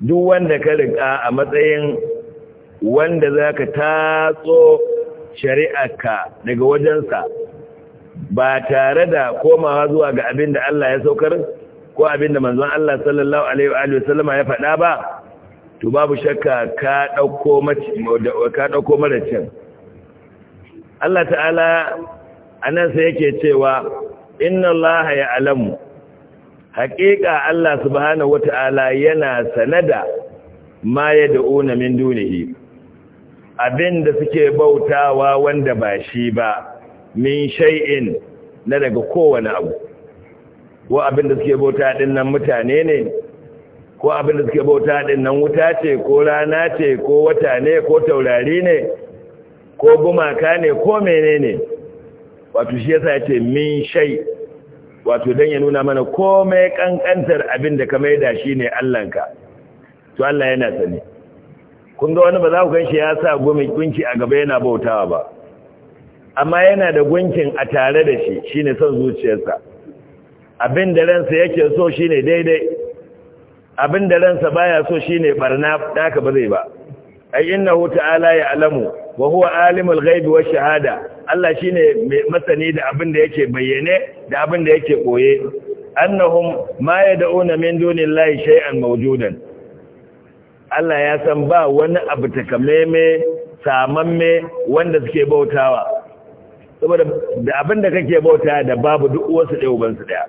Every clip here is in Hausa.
duk wanda ka riƙa a matsayin wanda za ka tatso shari'arka daga wajensa ba tare da komawa zuwa ga abin da Allah ya saukar ko abin da manzon Allah sallallahu Alaihi ya faɗa ba, to babu shakka ka ɗauko maracin. Allah ta'ala a nan sai yake cewa, Inna Allah ya alamu, haƙiƙa Allah subhanahu wata'ala yana sanada ma ya da'una min dunihi abinda suke bautawa wanda ba shi ba min shay'in na daga kowane abu ko abinda suke bauta din nan mutane ne ko abinda suke bauta din nan wuta ce ko rana ce ko wata ne ko taurari ne ko gumaka ne ko menene wato shi yasa yace min shay'in wato dan ya nuna mana komai kankantar abin da ka maida shi ne allanka. to Allah yana sani kun ga wani ba za ku ganshi ya sa gumi gunki a gaba yana bautawa ba amma yana da gunkin a tare da shi shine son zuciyarsa abin da ransa yake so shine daidai abin da ransa baya so shine barna daka ba zai ba ai innahu ta'ala ya alamu wa huwa alimul ghaibi wa shahada Allah shine masani da abin da yake bayyane da abin da yake koye annahum ma yad'una min dunillahi shay'an mawjudan Allah ya san ba wani abu takamaime samamme wanda suke bautawa saboda da abin da kake bauta da babu duk wasu ɗaya su daya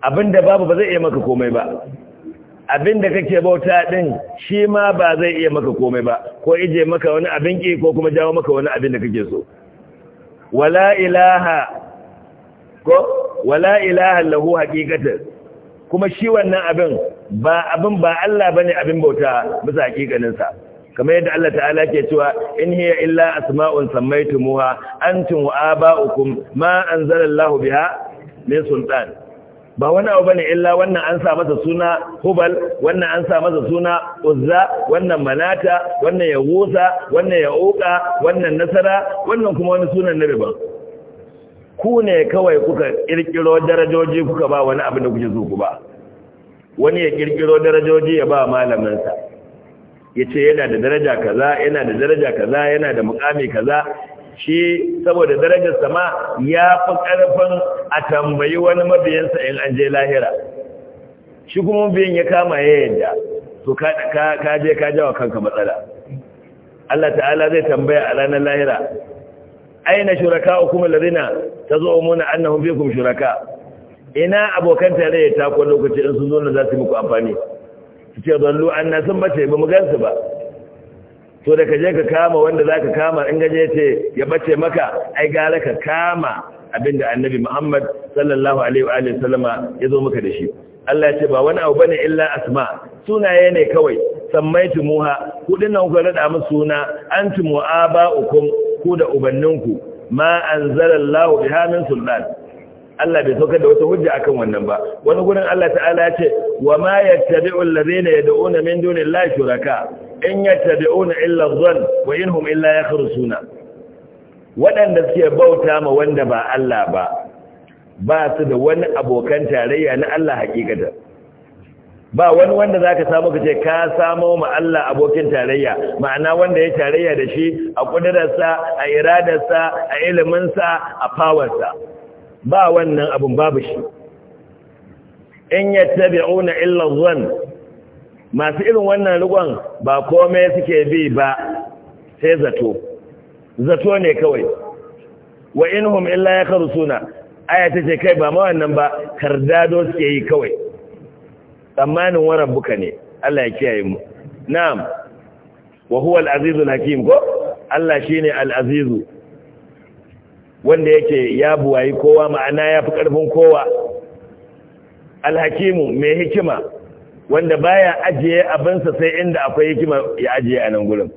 abin da babu ba zai iya maka komai ba abin da kake bauta din shi ma ba zai iya maka komai ba ko ije maka wani abin ki ko kuma jawo maka wani abin da kake so wala ilaha ko wala ilaha lahu haqiqatan kuma shi wannan abin ba abin ba Allah bane abin bauta bisa haƙiƙanin sa kamar yadda Allah ta'ala ke cewa in hiya illa asma'un sammaytumuha antum wa aba'ukum ma anzalallahu biha min sultan ba wani abu bane illa wannan an sa masa suna hubal wannan an sa masa suna uzza wannan manata wannan yahusa wannan yauka wannan nasara wannan kuma wani sunan na riba ku ne kawai kuka kirkiro darajoji kuka ba wani abu da kuke so ku ba wani ya kirkiro darajoji ya ba malamin sa yace yana da daraja kaza yana da daraja kaza yana da mukami kaza shi saboda darajar sama ya fi ƙarfin a tambayi wani mabiyansa in an je lahira shi kuma mabiyan ya kama ya yadda to ka je ka jawa kanka matsala Allah ta'ala zai tambaya a ranar lahira aina shuraka hukumar larina ta zo muna annahun bikum shuraka ina abokan tare ya takwa lokaci in sun zo na za su muku amfani su ce zallu annasun na sun bace ba mu gansu ba to da ka je ka kama wanda za ka kama in gaje ce ya bace maka ai gara ka kama abinda annabi muhammad sallallahu alaihi wa sallama ya zo maka da shi Allah ya ce ba wani abu bane illa asma sunaye ne kawai sammaitu muha ku nan ku rada musu suna antu muaba ukum ku da ubanninku ma anzalallahu biha min sultan Allah bai saukar da wata hujja akan wannan ba wani gurin Allah ta'ala ya ce wa ma yattabi'u alladhina yad'una min dunillahi shuraka in yattabi'una illa dhann wa inhum illa yakhrusuna waɗanda suke bauta ma wanda ba Allah ba ba su da wani abokan tarayya na Allah hakikata ba wani wanda zaka samu kace ka samo ma Allah abokin tarayya ma'ana wanda ya tarayya da shi a kudararsa a iradarsa a iliminsa a fawarsa, ba wannan abun babu shi in yattabi'una illa dhann masu irin wannan rigon ba komai suke bi ba sai zato zato ne kawai wa inhum illa ya karu suna ce kai ba ma wannan ba kardado suke yi kawai tsammanin waran buka ne Allah ya kiyaye mu na'am wa huwa al al hakim ko Allah shine al-azizu wanda yake ya buwayi kowa ma'ana ya fi karfin kowa alhakimu mai hikima wanda baya ajiye abinsa sai inda akwai hikima ya ajiye a nan gurin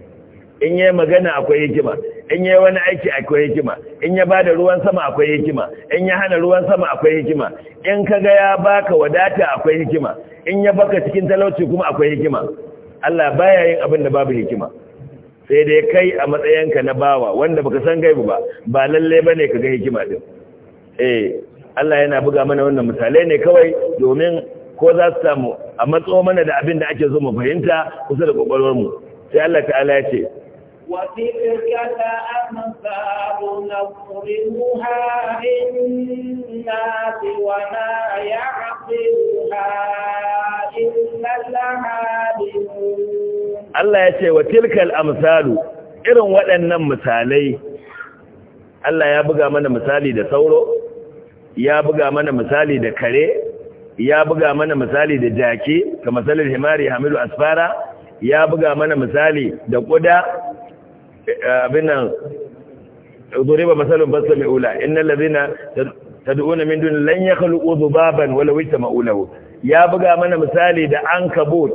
in yi magana akwai hikima in yi wani aiki akwai hikima in ya bada ruwan sama akwai hikima in ya hana ruwan sama akwai hikima in kaga ya baka wadata akwai hikima in ya baka cikin talauci kuma akwai hikima Allah baya yin abin da babu hikima sai dai kai a matsayinka na bawa wanda baka san gaibu ba ba lalle bane ka ga hikima din eh Allah yana buga mana wannan misalai ne kawai domin ko za su samu a matso mana da abin da ake so mu fahimta kusa da mu sai Allah ta'ala ya ce Allah ya ce wa tilkal amsalu irin waɗannan misalai Allah ya buga mana misali da sauro ya buga mana misali da kare ya buga mana misali da jaki ka matsalar himari hamilu asfara ya buga mana misali da kuda eh, abin nan ba masalun basta mai ula innal ladina tad'una min dun lan yakhluqu dhubaban wala wita ma'ulahu ya buga mana misali da ankabut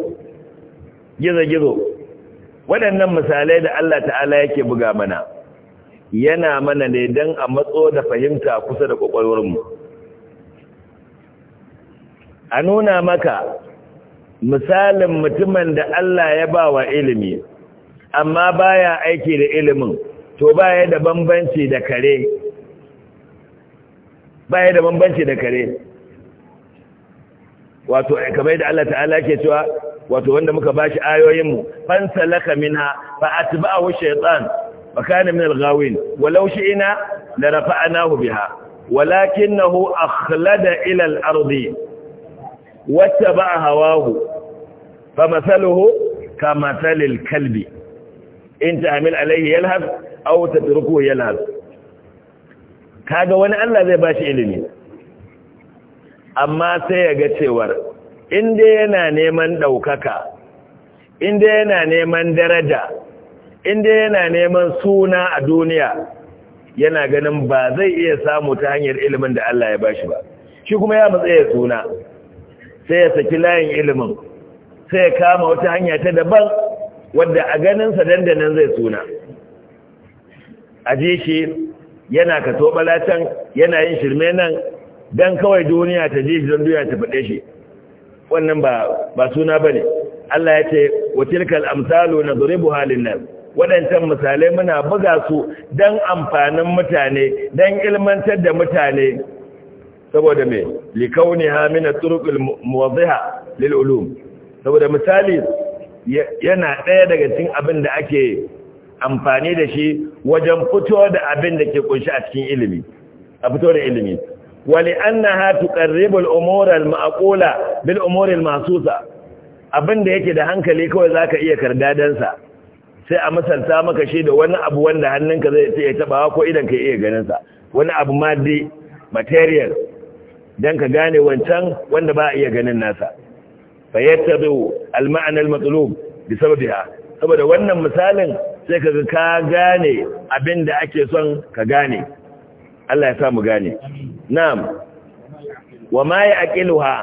gizo gizo waɗannan misalai da Allah ta'ala yake buga mana yana mana ne dan a matso da fahimta kusa da kwakwalwarmu a nuna maka misalin mutumin da Allah ya ba wa ilimi amma baya aiki da ilimin to baya da bambanci da kare baya da bambanci da kare wato kamar da Allah ta'ala ke cewa wato wanda muka bashi ayoyin mu fansalaka minha fa atba'ahu shaytan fa kana min al-ghawin walau shi'na la rafa'nahu biha walakinahu akhlada ila al-ardi wacce ba a hawahu fa masaluhu ka masalil kalbi in ta'amil alaihi yalhab Yal tatruku Ka kaga wani Allah zai ba shi ilimi amma sai ya ga cewar inda yana neman ɗaukaka, inda yana neman daraja inda yana neman suna a duniya yana ganin ba zai iya samu ta hanyar ilimin da Allah ya ba shi ba shi kuma ya matsaye suna sai ya saki layin ilimin sai ya kama wata hanya ta daban wadda a ganinsa dandanan zai suna a ji shi yana ka tobala can yana yin shirme nan don kawai duniya ta ji shi don duniya ta faɗe shi wannan ba suna ba ne Allah ya ce watilkal amsalu na zuribu halin nan waɗancan misalai muna buga su don amfanin mutane don ilmantar da mutane saboda mai likauniha min at-turuqil muwadhiha lil ulum saboda misali yana ɗaya daga cikin abin da ake amfani da shi wajen fito da abin da ke kunshi a cikin ilimi a fito da ilimi wali annaha tuqarribu al-umura maqula bil umuri mahsusa abin da yake da hankali kawai zaka iya kardadan sa sai a misalta maka shi da wani abu wanda hannunka zai iya tabawa ko idan ka iya ganin sa wani abu maddi material dan ka gane wancan wanda ba iya ganin nasa fa yattabu al-ma'na al-matlub bisababiha saboda wannan misalin sai kaga ka gane abin da ake son ka gane Allah ya sa mu gane na'am wa ma ya'qiluha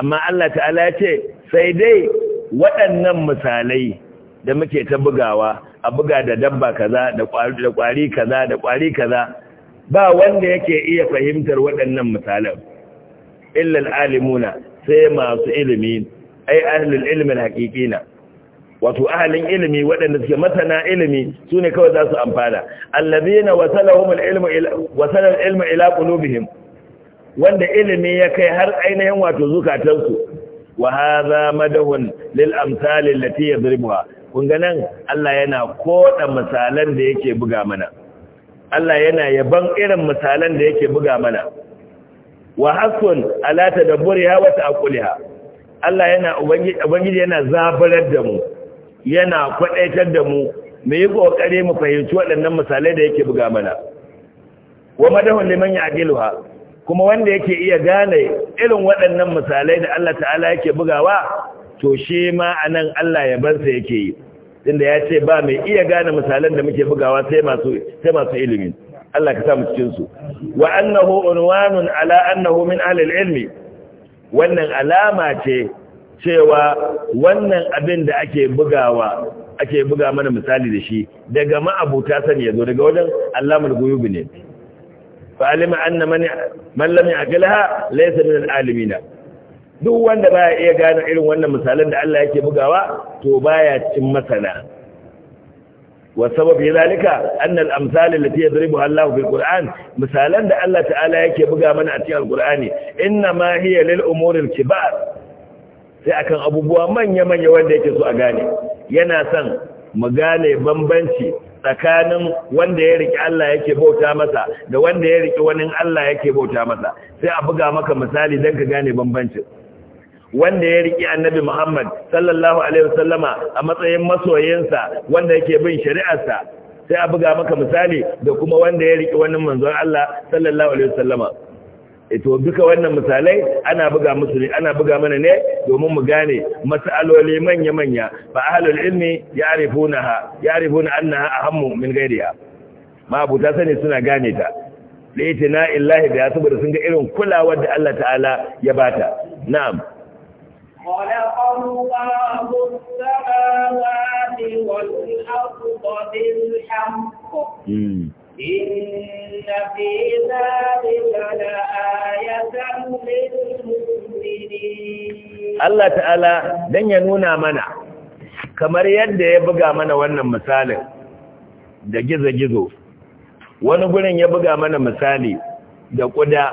amma Allah ta'ala ya ce sai dai waɗannan misalai da muke ta bugawa a buga da dabba kaza da kwari kaza da kwari kaza ba wanda yake iya fahimtar waɗannan misalan illal alimuna sai masu ilimi ai ahlul ilmin haqiqina wato ahalin ilimi waɗanda suke masana ilimi su kawai za su amfana allazina wasalahumul ilmu wasalal ilmu ila qulubihim wanda ilimi ya kai har ainihin wato zukatansu wa hadha madahun lil amsal allati yadribuha kun ga nan Allah yana koda misalan da yake buga mana Allah yana yaban irin misalan da yake buga mana wa da ala tadabburiha wa kuliha, Allah yana ubangiji yana zabarar da mu yana kwadaitar da mu me yi kokare mu fahimci waɗannan misalai da yake buga mana wa madahun liman ya'diluha kuma wanda yake iya gane irin waɗannan misalai da Allah ta'ala yake bugawa to shi ma anan Allah ya sa yake yi tunda ya ce ba mai iya gane misalan da muke bugawa sai masu sai masu ilimi Allah ka sa mu cikin su wa annahu unwanun ala annahu min ahli ilmi wannan alama ce cewa wannan abin da ake bugawa ake buga mana misali da shi daga ma'abuta sani yazo daga wajen allamul guyubi ne fa alima anna man man lam ya'qilha laysa min duk wanda baya iya gane irin wannan misalan da Allah yake bugawa to baya cikin masana وسبب ذلك أن الأمثال التي يضربها الله في القرآن مثالا ده الله تعالى يكي بقى من أتيها القرآن إنما هي للأمور الكبار سيأكن أبو بوا من يمن يوان ديكي سوء غاني يناسا مغاني بمبنشي tsakanin wanda ya riƙe Allah yake bauta masa da wanda ya riƙe wani Allah yake bauta masa sai a buga maka misali don ka gane bambancin wanda ya riki annabi Muhammad sallallahu alaihi wasallama a matsayin masoyinsa wanda yake bin shari'arsa sai a buga maka misali da kuma wanda ya riki wannan manzon Allah sallallahu alaihi wasallama e to duka wannan misalai ana buga musu ne ana buga mana ne domin mu gane mas'aloli manya-manya fa ahlul ilmi ya'rifunaha ya'rifuna annaha ahammu min ghayriha ma abuta sani suna gane ta laitina illahi da ya saboda sun ga irin kulawar da Allah ta'ala ya bata na'am Allah ta'ala don والأرض nuna mana kamar yadda ya buga mana wannan misalin da gizo-gizo wani gurin ya buga mana misali da kuda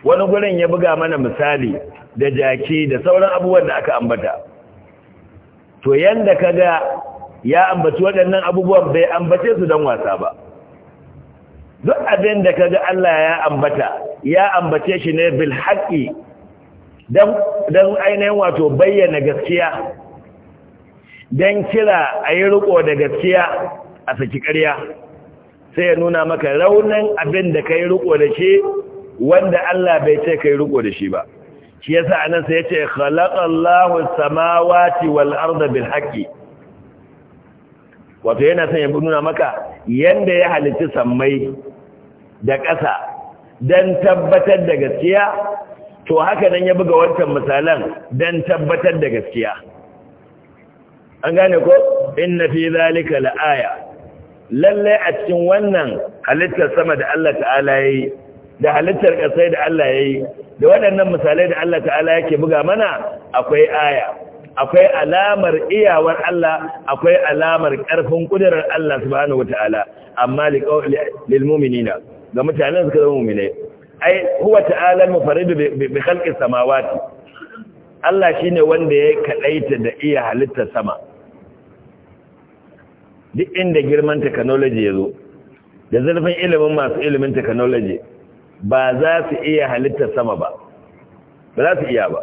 wani gurin ya buga mana misali da jaki da sauran abubuwan da aka ambata to yanda kaga ya ambaci waɗannan abubuwan bai ambace su don wasa ba duk abin da kaga Allah ya ambata ya ambace shi ne bil haqqi dan ainihin wato bayyana gaskiya dan kira ayi riƙo da gaskiya a saki ƙarya sai ya nuna maka raunin abin da kai riƙo da shi wanda Allah bai ce kai riƙo da shi ba shi yasa anan sai yace khalaqallahu samawati wal arda bil haqqi wato yana son ya nuna maka yanda ya halitta sammai da ƙasa dan tabbatar da gaskiya to haka nan ya buga wancan misalan dan tabbatar da gaskiya an gane ko inna fi zalika la aya lalle a cikin wannan halittar sama da Allah ta'ala yayi da halittar ƙasai da Allah ya yi da waɗannan misalai da Allah ta'ala yake buga mana akwai aya akwai alamar iyawar Allah akwai alamar ƙarfin ƙudurar Allah subhanahu wata'ala amma lil mu'minina ga mutanen suka zama mu'minai ai huwa ta'ala mufaridu bi khalqis samawati Allah shine wanda ya kaɗaita da iya halittar sama duk inda girman ya zo, da zurfin ilimin masu ilimin technology ba za su iya halittar sama ba ba za su iya ba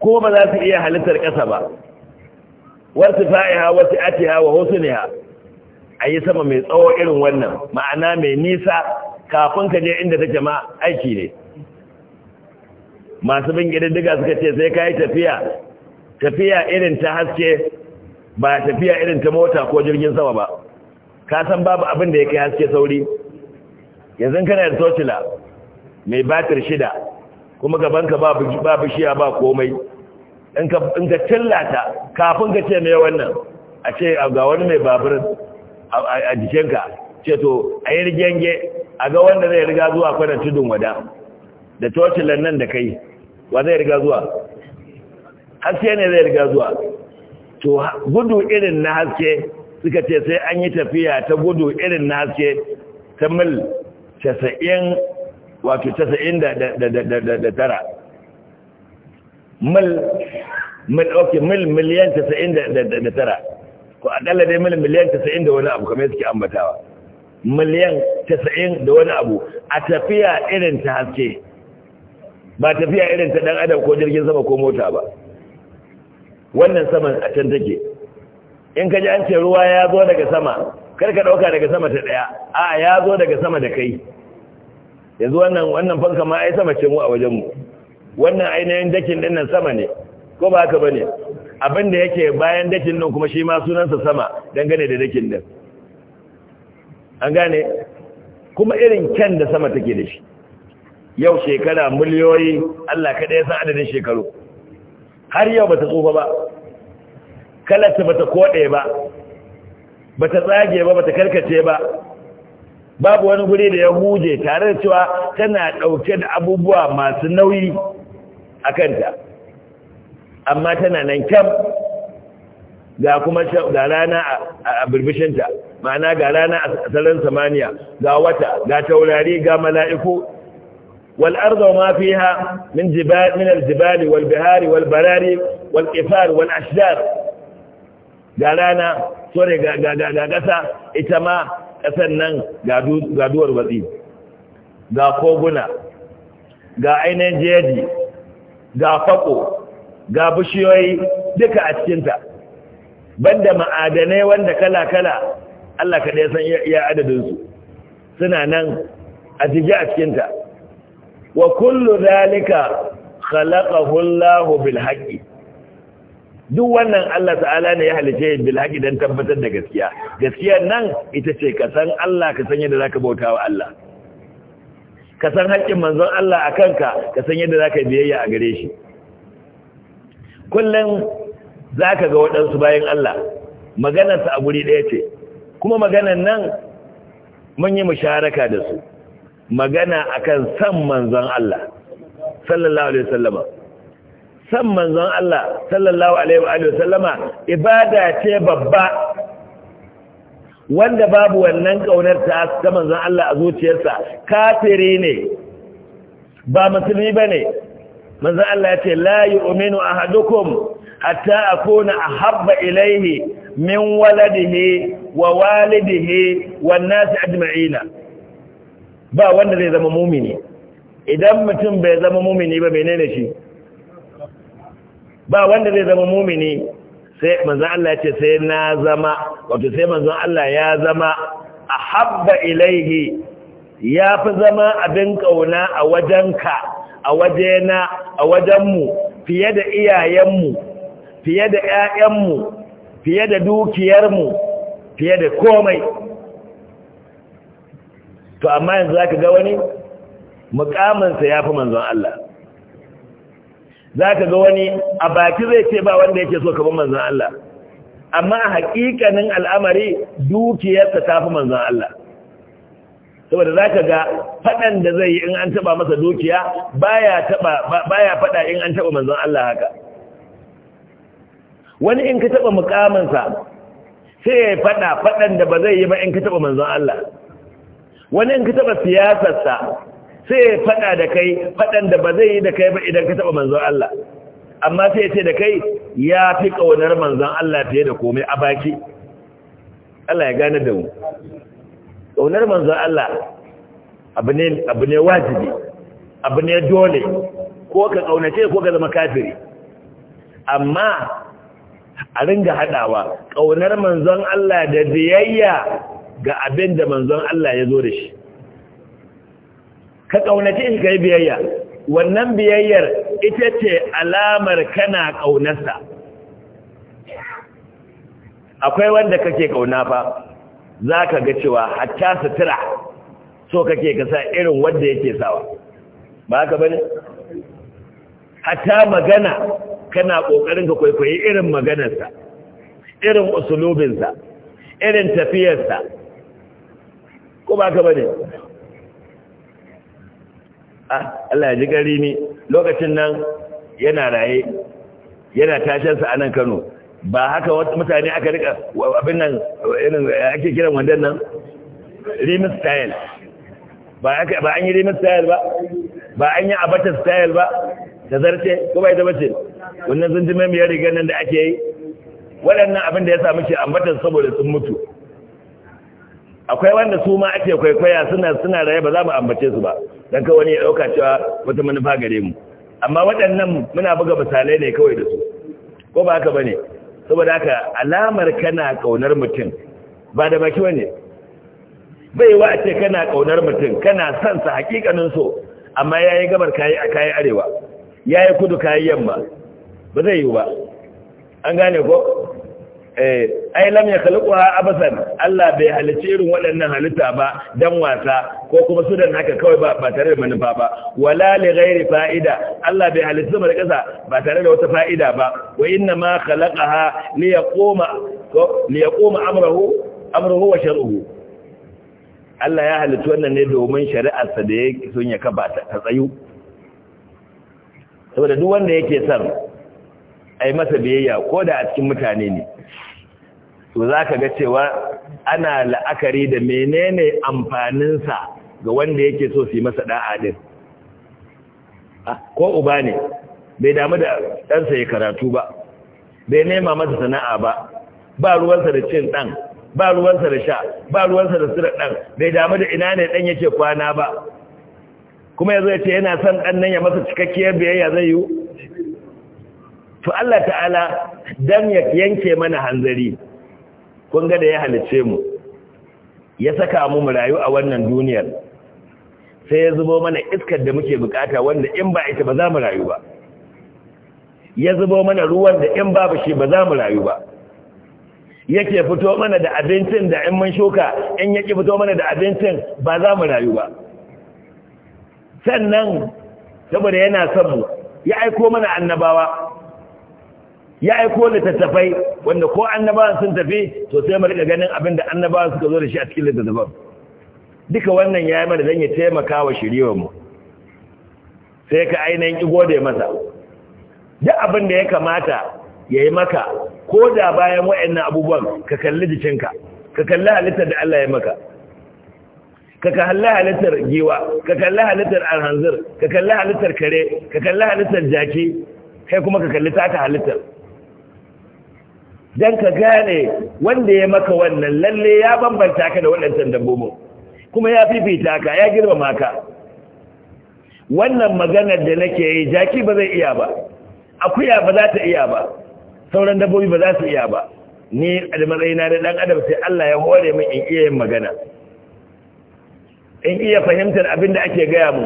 ko ba za su iya halittar ƙasa ba wasu fa'iha wasu atiha wa husniha a yi sama mai tsawo irin wannan ma'ana mai nisa kafin ka je inda take ma aiki ne masu bin gididdiga suka ce sai ka yi tafiya tafiya irin ta haske ba tafiya irin ta mota ko jirgin sama ba ka san babu abin da ya kai haske sauri yanzu kana da tocila mai batir shida kuma gabanka ba bishiya ba komai in ka cillata kafin ka ce mai wannan a ce ga wani mai babur a jikinka ce to a yi rigenge a ga wanda zai riga zuwa kwanan tudun wada da tocilan nan da kai wa zai riga zuwa haske ne zai riga zuwa to gudu irin na haske suka ce sai an yi tafiya ta gudu irin na haske ta mil casa'in wato casa'in da tara mil mil ok mil miliyan casa'in da tara ko akalla dai mil miliyan casa'in da wani abu kamar suke ambatawa miliyan casa'in da wani abu a tafiya irin ta haske ba tafiya irin ta dan adam ko jirgin sama ko mota ba wannan saman a can take in ka ji an ce ruwa ya zo daga sama kar ka ɗauka daga sama ta ɗaya a ya zo daga sama da kai yanzu wannan wannan fanka ma ai sama ce mu a wajenmu wannan ainihin dakin ɗin nan sama ne ko ba haka ba ne abin da yake bayan dakin ɗin kuma shi ma sunansa sama dangane da dakin ɗin an gane kuma irin kyan da sama take da shi yau shekara miliyoyi Allah kaɗai ya san adadin shekaru har yau ba ta tsufa ba kalarta bata koɗe ba bata tsage ba bata karkace ba babu wani guri da ya huje tare da cewa tana ɗauke da abubuwa masu nauyi a kanta amma tana nan kyam ga kuma ga rana a birbishinta ma'ana ga rana a salon samaniya ga wata ga taurari ga mala'iku wal arda ma fiha min min al wal bihari wal barari wal qifar wal ga rana sore ga ƙasa ita ma ƙasan nan ga duwar watsi ga koguna ga ainihin jeji ga fako ga bishiyoyi duka a cikinta banda ma'adanai wanda kala-kala Allah ka ɗaya san iya adadinsu suna nan a jiji a cikinta wa kullu zalika khalaqahu Allahu bil haqqi duk wannan Allah ta'ala ne ya halice bil haqi tabbatar da gaskiya Gaskiya nan ita ce ka san Allah ka san yadda zaka bauta wa Allah ka san haƙƙin manzon Allah a kanka ka san yadda zaka biyayya a gare shi kullum zaka ga waɗansu bayan Allah maganarsa a guri ɗaya ce kuma maganar nan mun yi musharaka da su magana akan san manzon Allah sallallahu alaihi wasallama san manzon Allah sallallahu alaihi wa sallama ibada ce babba wanda babu wannan ƙaunar ta ta manzon Allah a zuciyarsa kafiri ne ba musulmi bane manzon Allah ya ce la yu'minu ahadukum hatta akuna ahabba ilaihi min waladihi wa walidihi wan nas ajma'ina ba wanda zai zama mumini idan mutum bai zama mumini ba menene shi ba wanda zai zama mumini sai manzon Allah ya sai na zama wato sai manzon Allah ya zama a habba ilaihi ya fi zama abin kauna a wajenka a wajena a wajenmu fiye da iyayenmu fiye da ƴaƴanmu fiye da dukiyarmu fiye da komai to amma yanzu zaka ga wani mukaminsa ya fi manzon Allah za ka ga wani a baki zai ce ba wanda yake so kamar manzan Allah amma a hakikanin al'amari dukiyarsa ta fi manzan Allah saboda za ka ga faɗan da zai yi in an taɓa masa dukiya baya faɗa in an taɓa manzan Allah haka wani in ka taɓa mukaminsa sai ya faɗa faɗan da ba zai yi ba in ka taɓa manzan Allah wani in ka taɓa siyasarsa sai ya faɗa da kai faɗan da ba zai yi da kai ba idan ka taɓa manzon Allah amma sai ya ce da kai ya fi ƙaunar manzon Allah fiye da komai a baki Allah ya gane da mu ƙaunar manzon Allah abu ne abu ne wajibi abu ne dole ko ka ƙaunace ko ka zama kafiri amma a ringa haɗawa ƙaunar manzon Allah da biyayya ga abin da manzon Allah ya zo da shi ka ƙaunace shi ka yi biyayya wannan biyayyar ita ce alamar kana ƙaunarsa akwai wanda kake ƙauna fa za ka ga cewa hatta sutura so kake ka sa irin wanda yake sawa ba ka bane hatta magana kana ƙoƙarin ka kwaikwayi irin maganarsa irin usulubinsa irin tafiyarsa ko ba ka bane Ah, Allah ya ji gari ni lokacin nan yana raye yana tashinsa a nan Kano ba haka wata mutane aka rika abin nan irin ake kiran wandan nan remix style ba aka ba an yi remix style ba ba an yi abata style ba da zarce ko bai da bace wannan ji mai riga nan da ake yi waɗannan abin da ya samu ke ambatan saboda sun mutu akwai wanda su ma ake kwaikwaya suna suna raye ba za mu ambace su ba don kawai wani ya ɗauka cewa wata manufa gare mu amma waɗannan muna buga misalai ne kawai da su ko ba haka ba ne saboda haka alamar kana ƙaunar mutum ba da baki wani bai wa ce kana ƙaunar mutum kana son sa hakikanin so amma ya yi gabar kayi a kayi arewa ya yi kudu kayi yamma ba zai yi ba an gane ko Eh, ai lam ya khalquha abasan Allah bai halice irin waɗannan halitta ba dan wasa ko kuma su dan haka kawai ba ba tare da manufa ba wala li ghairi fa'ida Allah bai halice mu da kasa ba tare da wata fa'ida ba wa inna ma khalaqaha li yaquma li yaquma amruhu amruhu wa shar'uhu Allah ya halice wannan ne domin shari'ar sa da yake son ya kaba ta tsayu saboda duk wanda yake son a yi masa biyayya ko da a cikin mutane ne to za ka ga cewa ana la'akari da menene amfaninsa ga wanda yake so su yi masa da'a din ah, ko uba ne bai damu da ɗansa ya karatu ba bai nema masa sana'a ba ba ruwansa da cin ɗan ba ruwansa da sha ba ruwansa da sura ɗan bai damu da ina ne ɗan yake kwana ba kuma ya zo ya ce yana son ɗan nan ya masa cikakkiyar biyayya zai yiwu to Allah ta'ala dan ya yanke mana hanzari kun ga da ya halice mu ya saka mu mu rayu a wannan duniyar sai ya zubo mana iskar da muke bukata wanda in ba ita ba za mu rayu ba ya zubo mana ruwan da in babu shi ba za mu rayu ba yake fito mana da abincin da in mun shuka in yake fito mana da abincin ba za mu rayu ba sannan saboda yana son mu ya aiko mana annabawa ya aiko littattafai wanda ko annabawan sun tafi to sai mu rika ganin abin da annabawan suka zo da shi a cikin littattafan duka wannan ya yi mana zan ya taimaka wa shiriyar mu sai ka ainihin igo da masa duk abin da ya kamata ya yi maka ko da bayan wa'annan abubuwan ka kalli jikinka ka kalli halittar da Allah ya maka ka kalli halittar giwa ka kalli halittar alhanzir ka kalli halittar kare ka kalli halittar jaki kai kuma ka kalli taka halittar don ka gane wanda ya maka wannan lalle ya bambanta ka da waɗancan dabbobin kuma ya fifita ka ya girmama ka wannan maganar da nake yi jaki ba zai iya ba akuya ba za ta iya ba sauran dabbobi ba za su iya ba ni a matsayina da ɗan adam sai Allah ya hore min in iya yin magana in iya fahimtar abin da ake gaya mu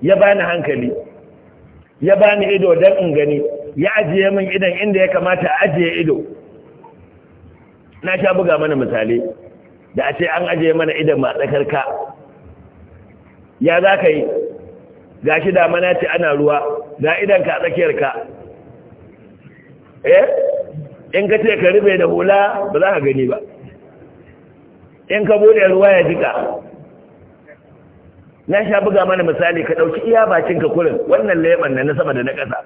ya bani hankali ya bani ido don in gani ya ajiye min idan inda ya kamata a ajiye ido na sha buga mana misali da a ce an ajiye mana idan ka. ya za ka yi ga shi damana ce ana ruwa ga idan ka tsakiyar ka eh in ka ce ka rube da hula ba za ka gani ba in ka bude ruwa ya jika na sha buga mana misali ka ɗauki iya bakin ka kurin wannan leɓen na na sama da na ƙasa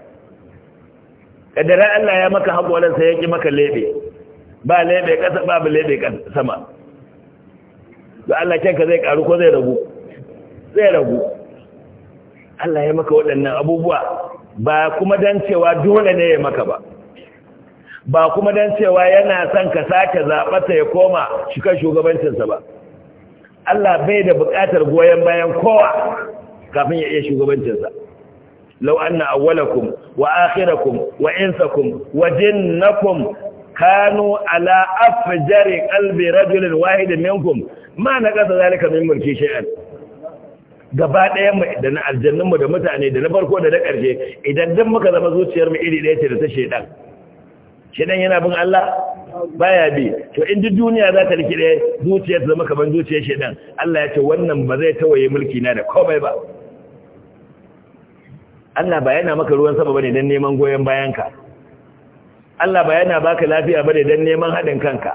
ƙaddarar Allah ya maka haƙoransa ya ƙi maka leɓe ba lebe kasa babu lebe sama da Allah kyanka zai karu ko zai ragu zai ragu Allah ya maka waɗannan abubuwa ba kuma don cewa dole ne ya maka ba ba kuma don cewa yana son ka sake zaɓata ya koma shiga shugabancinsa ba Allah bai da buƙatar goyon bayan kowa kafin ya iya shugabancinsa lau anna awwalakum wa akhirakum wa insakum wa jinnakum kanu ala afjari qalbi rajulin wahidin minkum ma na kasa zalika min mulki shay'an gaba daya mu da na aljannun mu da mutane da na farko da na ƙarshe idan dan muka zama zuciyar mu iri ɗaya ce da ta shedan shedan yana bin Allah baya bi to in duk duniya za ta rikide zuciyar zama kaman zuciyar shedan Allah ya ce wannan ba zai tawaye mulki na da komai ba Allah ba yana maka ruwan sama bane dan neman goyen bayanka Allah ba yana baka lafiya ba da don neman haɗin kanka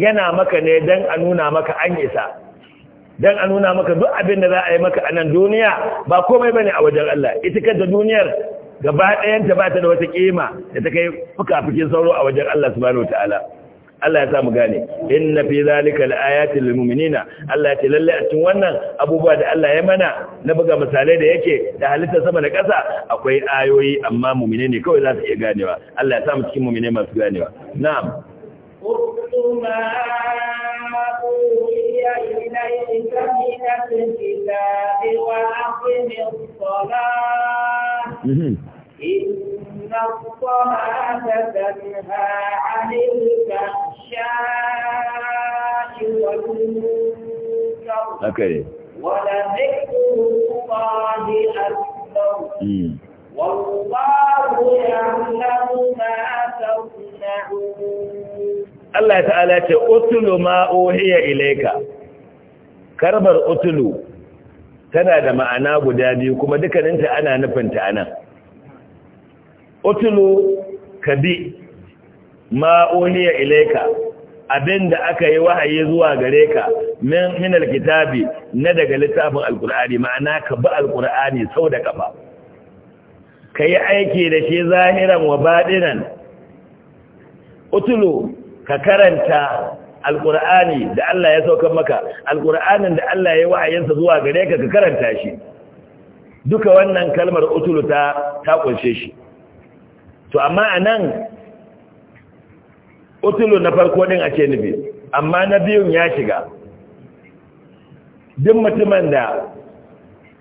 yana maka ne don a nuna maka an isa don a nuna maka duk abin da za a yi maka a nan duniya ba komai bane a wajen Allah ita kanta duniyar gaba ɗayanta ba ta da wata ƙima da ta kai fuka-fukin sauro a wajen Allah subhanahu wa Allah ya sa mu gane inna fi zalika alayatil mu'minina Allah ya ce lalle a cikin wannan abubuwa da Allah ya mana na buga misalai da yake da halitta sama da ƙasa akwai ayoyi amma mu'mine ne kawai za su iya ganewa Allah ya sa mu cikin mu'mine masu ganewa na'am إن إن الصلاة Allah ta'ala ce utulu ma uhiya ilaika karbar utulu tana da ma'ana guda biyu kuma dukkaninta ana nufinta anan utulu kabi ma uniya ilaika abinda aka yi wahayi zuwa gare ka min hinal kitabi na daga littafin alkur'ani ma'ana ka bi alkur'ani sau da kafa ka yi aiki da shi zahiran wa baɗinan utulu ka karanta alkur'ani da Allah ya saukan maka alkur'anin da Allah ya yi wahayinsa zuwa gare ka ka karanta shi duka wannan kalmar utulu ta ta kunshe shi to amma a nan otulo na farko din ake nufi amma na biyun ya shiga duk mutumin da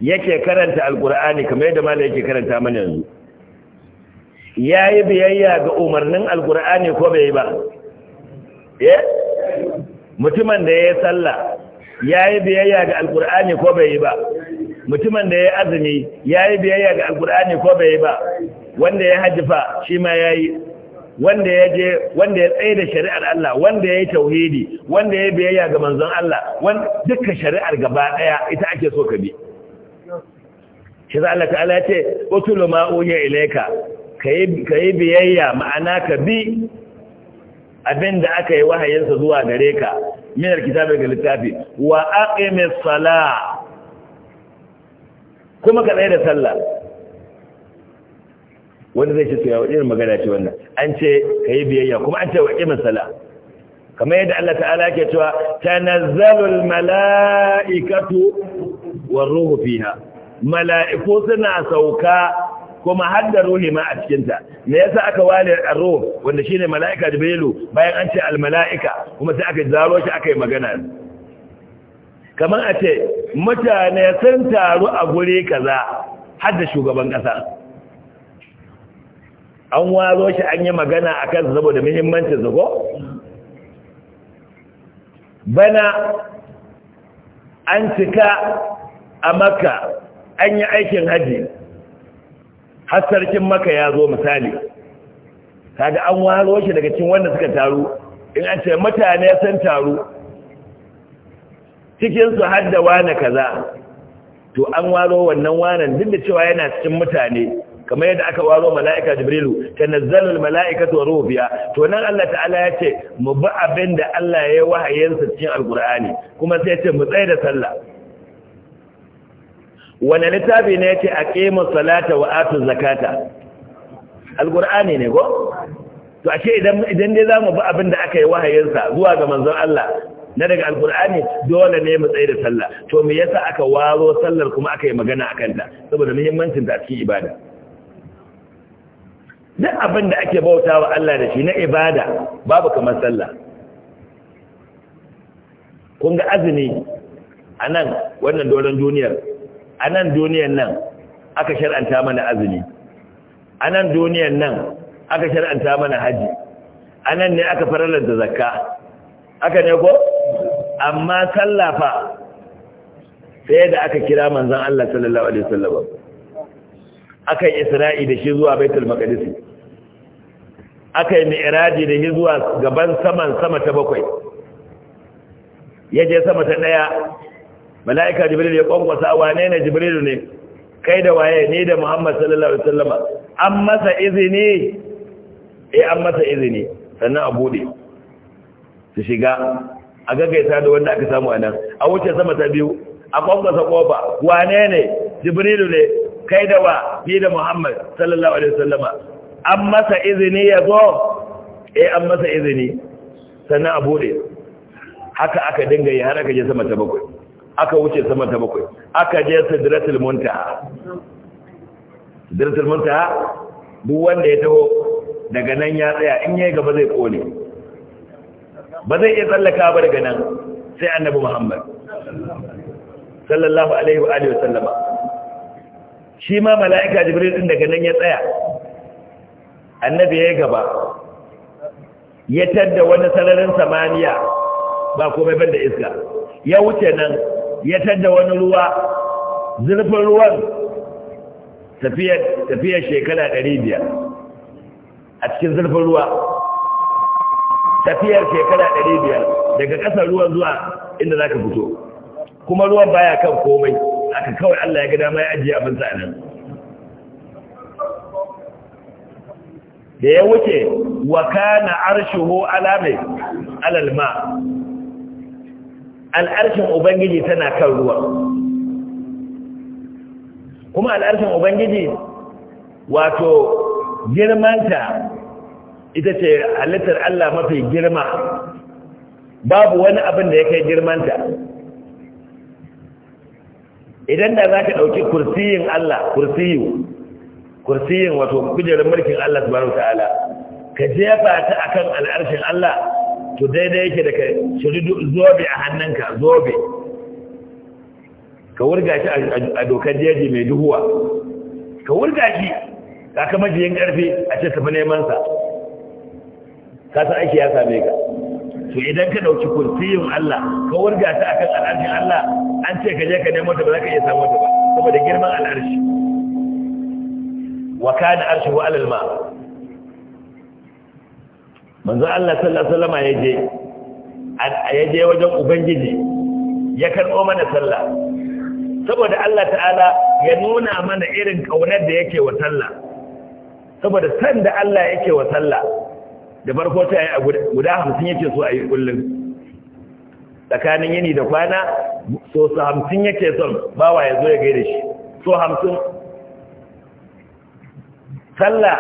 yake karanta alkur'ani kamar yadda mala yake karanta mana yanzu ya yi biyayya ga umarnin alkur'ani ko bai yi ba eh? mutumin da ya yi sallah ya yi biyayya ga alkur'ani ko bai yi ba mutumin da ya azumi ya yi biyayya ga alkur'ani ko bai yi ba wanda ya hajjifa shi ma ya yi wanda ya je wanda ya tsaye da shari'ar Allah wanda ya yi tauhidi wanda ya biyayya ga manzon Allah dukkan shari'ar gaba daya ita ake so ka bi shi za Allah ta'ala ce utulu ma uhiya ilayka kai biyayya ma'ana ka bi abin da aka yi wahayinsa zuwa gare ka min alkitabi ga littafi wa aqimis salat kuma ka tsaye da sallah wanda zai ce su ya wajen magana ce wannan an ce ka yi biyayya kuma an ce wa ƙimin sallah kamar yadda Allah ta'ala ke cewa nazarar mala'ikatu war ruhu fiha mala'iku suna sauka kuma har da ma a cikinta. ta me yasa aka wale ar-ruh wanda shine mala'ika da jibrilu bayan an ce al-mala'ika kuma sai aka zaro shi aka yi magana kamar a ce mutane sun taru a guri kaza har da shugaban kasa. an waro shi an yi magana a kansa saboda muhimmancin su bana an cika a maka an yi aikin hajji har sarkin maka ya zo misali kaga an waro shi daga cikin wanda suka taru in an ce mutane sun taru cikinsu har da wane kaza to an waro wannan wanan duk da cewa yana cikin mutane kamar yadda aka waro mala'ika jibrilu tanazzalul mala'ikatu wa ruhiya to nan Allah ta'ala ya ce mu bi abin da Allah ya wahayin sa cikin alqur'ani kuma sai ya ce mu tsaya da sallah wannan littafi ne a aqimu salata wa atu zakata alqur'ani ne go to ashe idan idan dai zamu bi abin da aka yi wahayinsa zuwa ga manzon Allah na daga alkur'ani dole ne mu tsaye da sallah to me yasa aka waro sallar kuma aka yi magana akan ta saboda muhimmancin ta cikin ibada duk abin da ake bautawa Allah da shi na ibada babu kamar sallah kun ga azumi a nan wannan doron duniyar a duniyar nan aka shar'anta mana azumi a nan duniyar nan aka shar'anta mana haji a ne aka da zakka aka ne ko amma tallafa, sai da aka kira manzon Allah sallallahu alaihi wasallam akan Isra'i da shi zuwa Baitul Maqdis akai Mi'raji da shi zuwa gaban saman sama ta bakwai yaje sama ta daya mala'ika Jibril ya kwankwasa wane ne Jibril ne kai da waye ne da Muhammad sallallahu alaihi wasallam an masa izini eh an masa izini sannan a bude su shiga a gaggaita da wanda aka samu a nan a wuce sama ta biyu a kwankwasa kofa wane ne jibrilu ne kai da wa fi da muhammad sallallahu alaihi wasallama an masa izini ya zo e an masa izini sannan a bude haka aka dinga yi har aka je sama ta bakwai aka wuce sama ta bakwai aka je sidratul muntaha sidratul muntaha duk wanda ya taho daga nan ya tsaya in yayi gaba zai kone ba zai iya tsallaka ba daga nan sai annabi muhammad sallallahu alaihi wa alihi wasallama shi ma mala'ika jibril din daga nan ya tsaya annabi ya gaba ya tadda wani sararin samaniya ba komai ban da iska ya wuce nan ya tadda wani ruwa zurfin ruwan tafiyar shekara 500 a cikin zurfin ruwa tafiyar shekara ɗari biyar daga ƙasar ruwan zuwa inda za ka fito kuma ruwan baya kan komai aka kawai Allah ya gada mai ya ajiye abin sa nan da ya wuce wa kana arshuhu ala mai alal ma al'arshin ubangiji tana kan ruwa kuma al'arshin ubangiji wato girmanta ita ce halittar Allah mafi girma babu wani abin da ya kai girmanta idan da za ka ɗauki kursiyin Allah kursiyu kursiyin wato kujerar mulkin Allah subhanahu ta'ala ka jefa ta akan al'arshin Allah to daidai yake da ka shiri zobe a hannunka zobe ka wurga shi a dokar jeji mai duhuwa ka wurga shi ka kama jiyin ƙarfi a ce tafi neman sa ka san aiki ya same ka to idan ka dauki kursiyin Allah ka wurga ta akan al'arshin Allah an ce ka je ka nemo ta ba za ka iya samu ta ba saboda girman al'arshi wa kana wa alal ma manzo Allah sallallahu alaihi wasallam yaje a yaje wajen ubangiji ya karbo mana sallah saboda Allah ta'ala ya nuna mana irin kaunar da yake wa sallah saboda san da Allah yake wa sallah da farko ta yi a guda hamsin yake so a yi kullum tsakanin yini da kwana so su hamsin yake son bawa ya zo ya gaida shi so hamsin sallah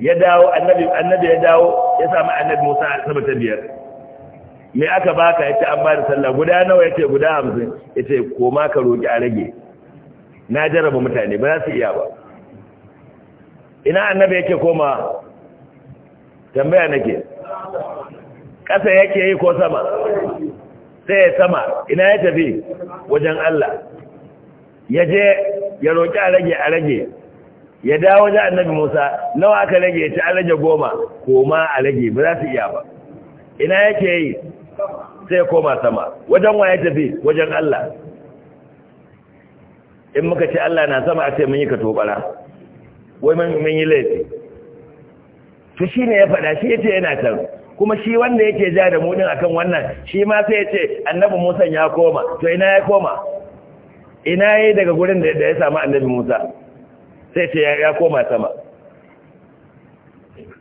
ya dawo annabi annabi ya dawo ya sami annabi musa a sama ta biyar me aka baka yace an bada sallah guda nawa yace guda hamsin yace koma ka roki a rage na jaraba mutane ba za su iya ba ina annabi yake koma tambaya nake ƙasa yake yi ko sama sai ya sama ina ya tafi wajen Allah ya je ya roƙi a rage a rage ya dawo wajen annabi Musa nawa aka rage ya ci a rage goma koma a rage ba za su iya ba ina yake yi sai ya koma sama wajen wa ya tafi wajen Allah in muka ce Allah na sama a ce mun yi ka tobara wai mun yi laifi to shi ne ya faɗa shi ya ce yana can kuma shi wanda yake ja da mudin akan wannan shi ma sai ya ce annabi musa ya koma to ina ya koma ina ya yi daga gurin da ya samu annabi musa sai ce ya koma sama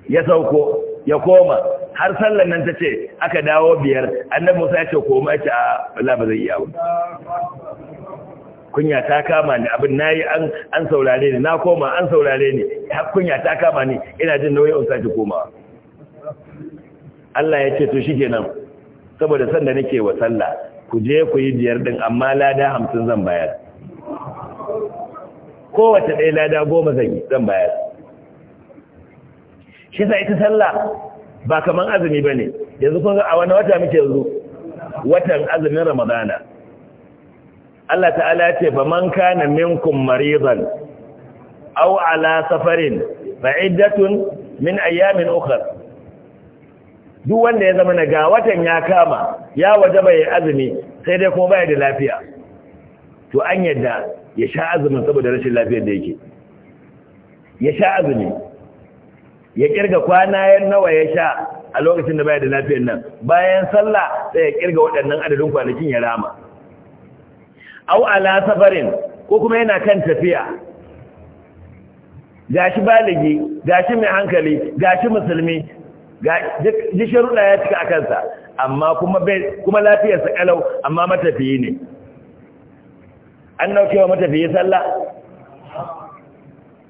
ya sauko ya koma har sallan nan ta ce aka dawo biyar annabi musa ya ce koma ce a ba zai iya ba kunya ta kama ni abin nayi an an saurare ni na koma an saurare ni har kunya ta kama ni ina jin nauyi in sake komawa Allah ya ce to shikenan saboda san da nake wa sallah ku je ku yi biyar din amma lada 50 zan bayar kowace ɗaya lada goma zan bayar shi sa ita sallah ba kaman azumi bane yanzu kun ga a wani wata muke yanzu watan azumin ramadana Allah ta'ala ce ba man kana minkum maridan aw ala safarin fa iddatun min ayamin ukhra duk wanda ya zama ga watan ya kama ya wajaba ya azumi sai dai kuma bai da lafiya to an yadda ya sha azumin saboda rashin lafiyar da yake ya sha azumi ya kirga kwana nawa ya sha a lokacin da baya da lafiyar nan bayan sallah sai ya kirga waɗannan adadin kwanakin ya rama au ala safarin ko kuma yana kan tafiya gashi baligi gashi mai hankali gashi musulmi ji sharuɗa ya cika a kansa amma kuma lafiyarsa ƙalau amma matafiyi ne an wa matafiyi sallah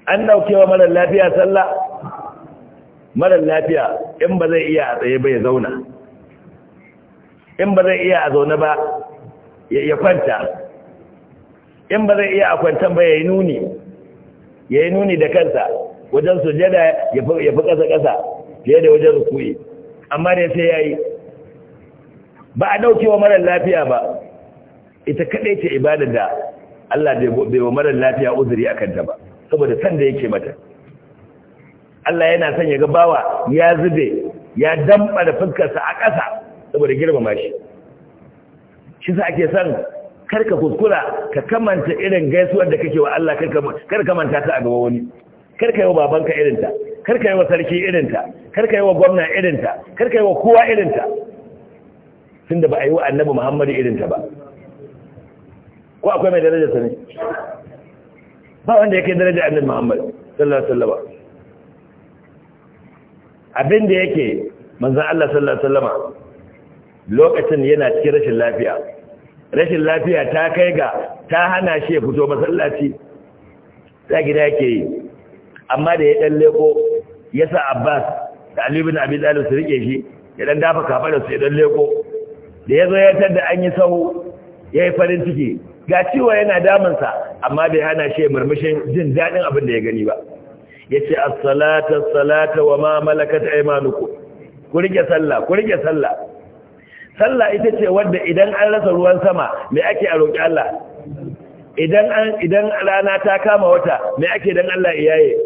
an wa marar lafiya sallah marar lafiya in ba zai iya a tsaye ba ya zauna in ba zai iya a zaune ba ya kwanta in ba zai iya a ba ya yi nuni ya nuni da kansa wajen sujada ya fi kasa ƙasa fiye da wajen rukuri amma da sai ya yi ba a ɗaukewa marar lafiya ba ita kaɗai ce ibada da Allah bai wa marar lafiya uzuri a kanta ba saboda san da yake mata Allah yana son ya ga bawa ya zube ya damba da fuskarsa a ƙasa saboda girmama shi shi sa ake son kar ka kuskura ka kamanta irin gaisuwar da kake wa Allah kar ka manta ta a gaba wani kar ka yi wa babanka irinta kar ka yi wa sarki irinta kar ka yi wa gwamna irinta kar ka yi wa kowa irinta tunda ba a yi wa annabi muhammadu irinta ba ko akwai mai daraja sani ba wanda yake daraja annabi muhammadu sallallahu alaihi wasallam abin da yake manzon Allah sallallahu alaihi wasallam lokacin yana cikin rashin lafiya rashin lafiya ta kai ga ta hana shi ya fito masallaci ta gida yake yi amma da ya ɗan leko ya sa abbas da alibin abin dalil su rike shi ya ɗan dafa kafa da su ya ɗan leko da ya zo ya tadda an yi sahu ya yi farin ciki ga ciwo yana damunsa amma bai hana shi murmushin jin daɗin abin da ya gani ba ya ce as salata wa ma malakat aymanukum ku rike sallah ku rike sallah sallah ita ce wadda idan an rasa ruwan sama me ake a roƙi Allah idan an idan rana ta kama wata me ake dan Allah iyaye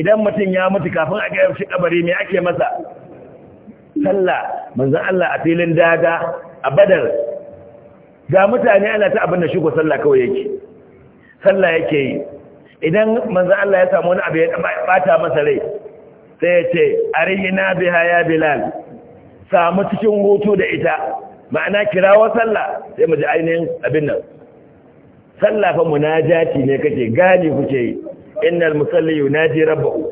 idan mutum ya mutu kafin a kai shi kabari me ake masa sallah manzon Allah a filin dada a badar ga mutane ana ta abin da shi ko sallah kawai yake sallah yake yi idan manzon Allah ya samu wani abu ya bata masa rai sai ya ce arihina biha ya bilal samu cikin hoto da ita ma'ana kirawo sallah sai mu ji ainihin abin nan sallah fa munajati ne kake gani kuke innal musalli yunaji rabbahu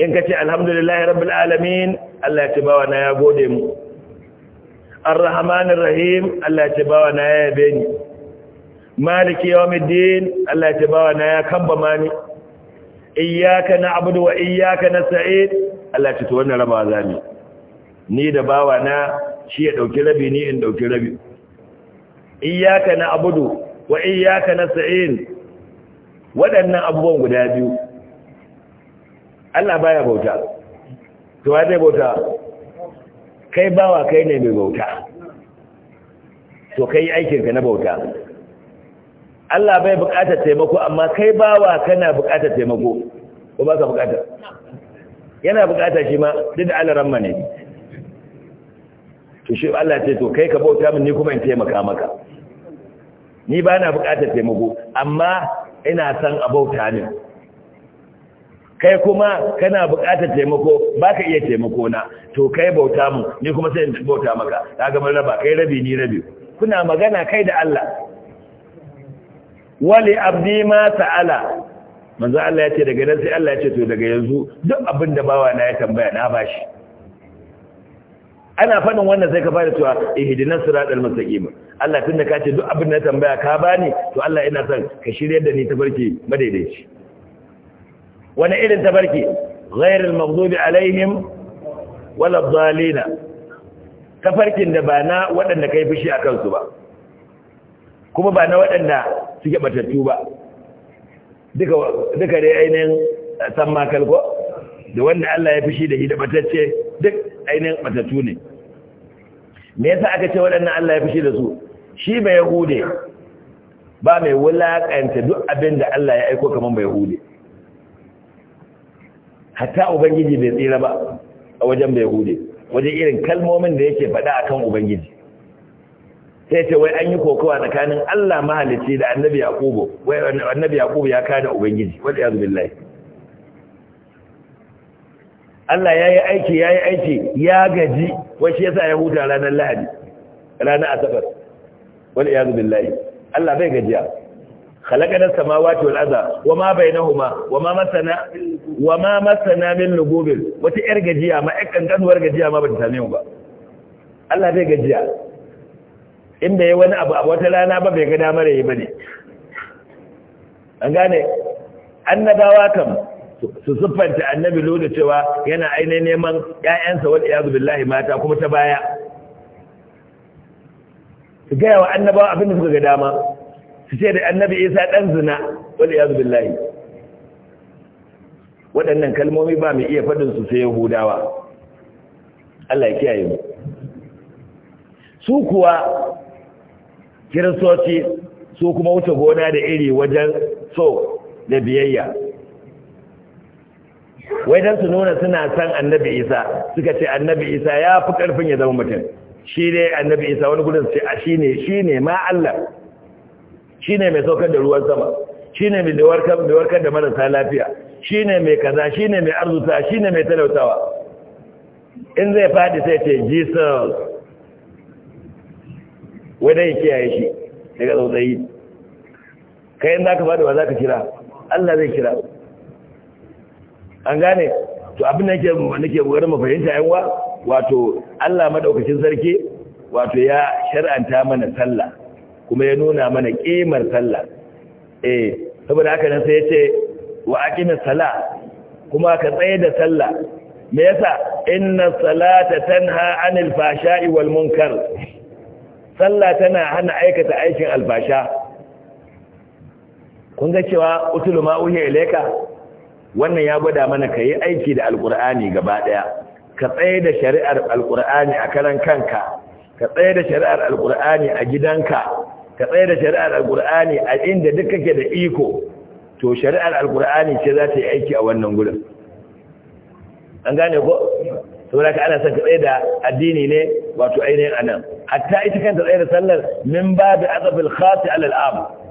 in kace alhamdulillahi rabbil alamin Allah ya bawa na ya gode mu arrahmanir rahim Allah ya bawa na ya yabe ni maliki yawmiddin Allah ya bawa na ya kamba ni iyyaka na'budu wa iyyaka nasta'in Allah ya ce to wannan raba zami ni da bawa na shi ya dauki rabi ni in dauki rabi iyyaka na abudu wa iyyaka nasta'in waɗannan abubuwan guda biyu Allah baya bauta to wa zai bauta kai bawa kai ne mai bauta to kai aikin ka na bauta Allah bai bukatar taimako amma kai bawa kana bukatar taimako ko ba ka bukatar yana bukata shi ma duk da alaran ne to shi Allah ce to kai ka bauta min ni kuma in taimaka maka ni ba na bukatar taimako amma ina son a bauta min kai kuma kana bukatar taimako ba ka iya taimako na to kai bauta min ni kuma sai in bauta maka ta gamar raba kai rabi ni rabi kuna magana kai da Allah wali abdi ma ta'ala manzo Allah ya ce daga nan sai Allah ya ce to daga yanzu duk abin da bawa na ya tambaya na bashi ana faɗin wannan sai ka fara cewa ihdinas siratal mustaqim Allah tunda ka ce duk abin da tambaya ka bani to Allah ina son ka shirye da ni tabarki madaidaici wani irin tabarki ghairil maghdubi alaihim wala ta farkin da ba na waɗanda kai fushi a kansu ba kuma ba na waɗanda suke batattu ba duka duka dai ainihin eh, san makal da wanda Allah ya fushi da hidabatacce ainihin matattu ne me yasa aka ce waɗannan Allah ya fushi da su shi bai yahude ba mai wulaƙanta duk abin da Allah ya aiko kamar bai yahude hatta ubangiji bai tsira ba a wajen bai yahude wajen irin kalmomin da yake faɗa akan ubangiji sai ce wai an yi kokowa tsakanin Allah mahalicci da annabi yaƙubu wai annabi yaƙubu ya kada ubangiji ya iyad laifin Allah ya yi aiki ya yi aiki ya gaji wasu yasa ya huta ranar lahadi ranar asabar wani ya zubin layi Allah bai gajiya halakanar samawa ce wal'aza wa ma bai huma wa ma masana min lugubin wata yar gajiya ma yar kankanuwar gajiya ma ba ta same mu ba Allah bai gajiya inda ya wani abu a wata rana ba bai gada mara yi ba ne an gane annabawa kam su siffanta annabi lulu cewa yana ainihin neman ‘ya'yansa wadda ya lahi mata kuma ta baya su gaya wa annabawa abin da suka ga dama su ce da annabi isa ɗan zina wadda ya lahi waɗannan kalmomi ba mai iya faɗinsu sai yahudawa Allah ya kiyaye mu su kuwa kiristoci su kuma wuce gona da iri wajen so da biyayya wai dan su nuna suna san annabi isa suka ce annabi isa ya fi karfin ya zama mutum shi ne annabi isa wani gudun ce a shi ne shi ne ma allah shi ne mai saukar da ruwan sama shi ne mai warkar da marasa lafiya shi ne mai kaza shi ne mai arzuta shi ne mai talautawa in zai faɗi sai ce jesus wadai kiyaye shi daga tsautsayi kayan za ka faɗi wa za ka kira allah zai kira an gane to abin da nake bugar mafahimta fahimta wa wato Allah maɗaukacin sarki wato ya shar'anta mana sallah kuma ya nuna mana ƙimar sallah eh saboda haka nan sai ce wa ƙina sallah, kuma ka tsaye da sallah me yasa inna salata tanha anil fashai wal munkar sallah tana hana aikata aikin alfasha kun ga cewa utulu ma'uhi uhiya wannan ya gwada mana ka yi aiki da alkur'ani gaba ɗaya ka tsaye da shari'ar alkur'ani a karan kanka ka tsaye da shari'ar alkur'ani a gidanka ka tsaye da shari'ar alkur'ani a inda duk kake da iko to shari'ar alkur'ani ce za ta yi aiki a wannan gurin an gane ko saboda ka ana son ka tsaye da addini ne wato ainihin anan hatta ita kanta tsaye da sallar min babu azabil khati alal am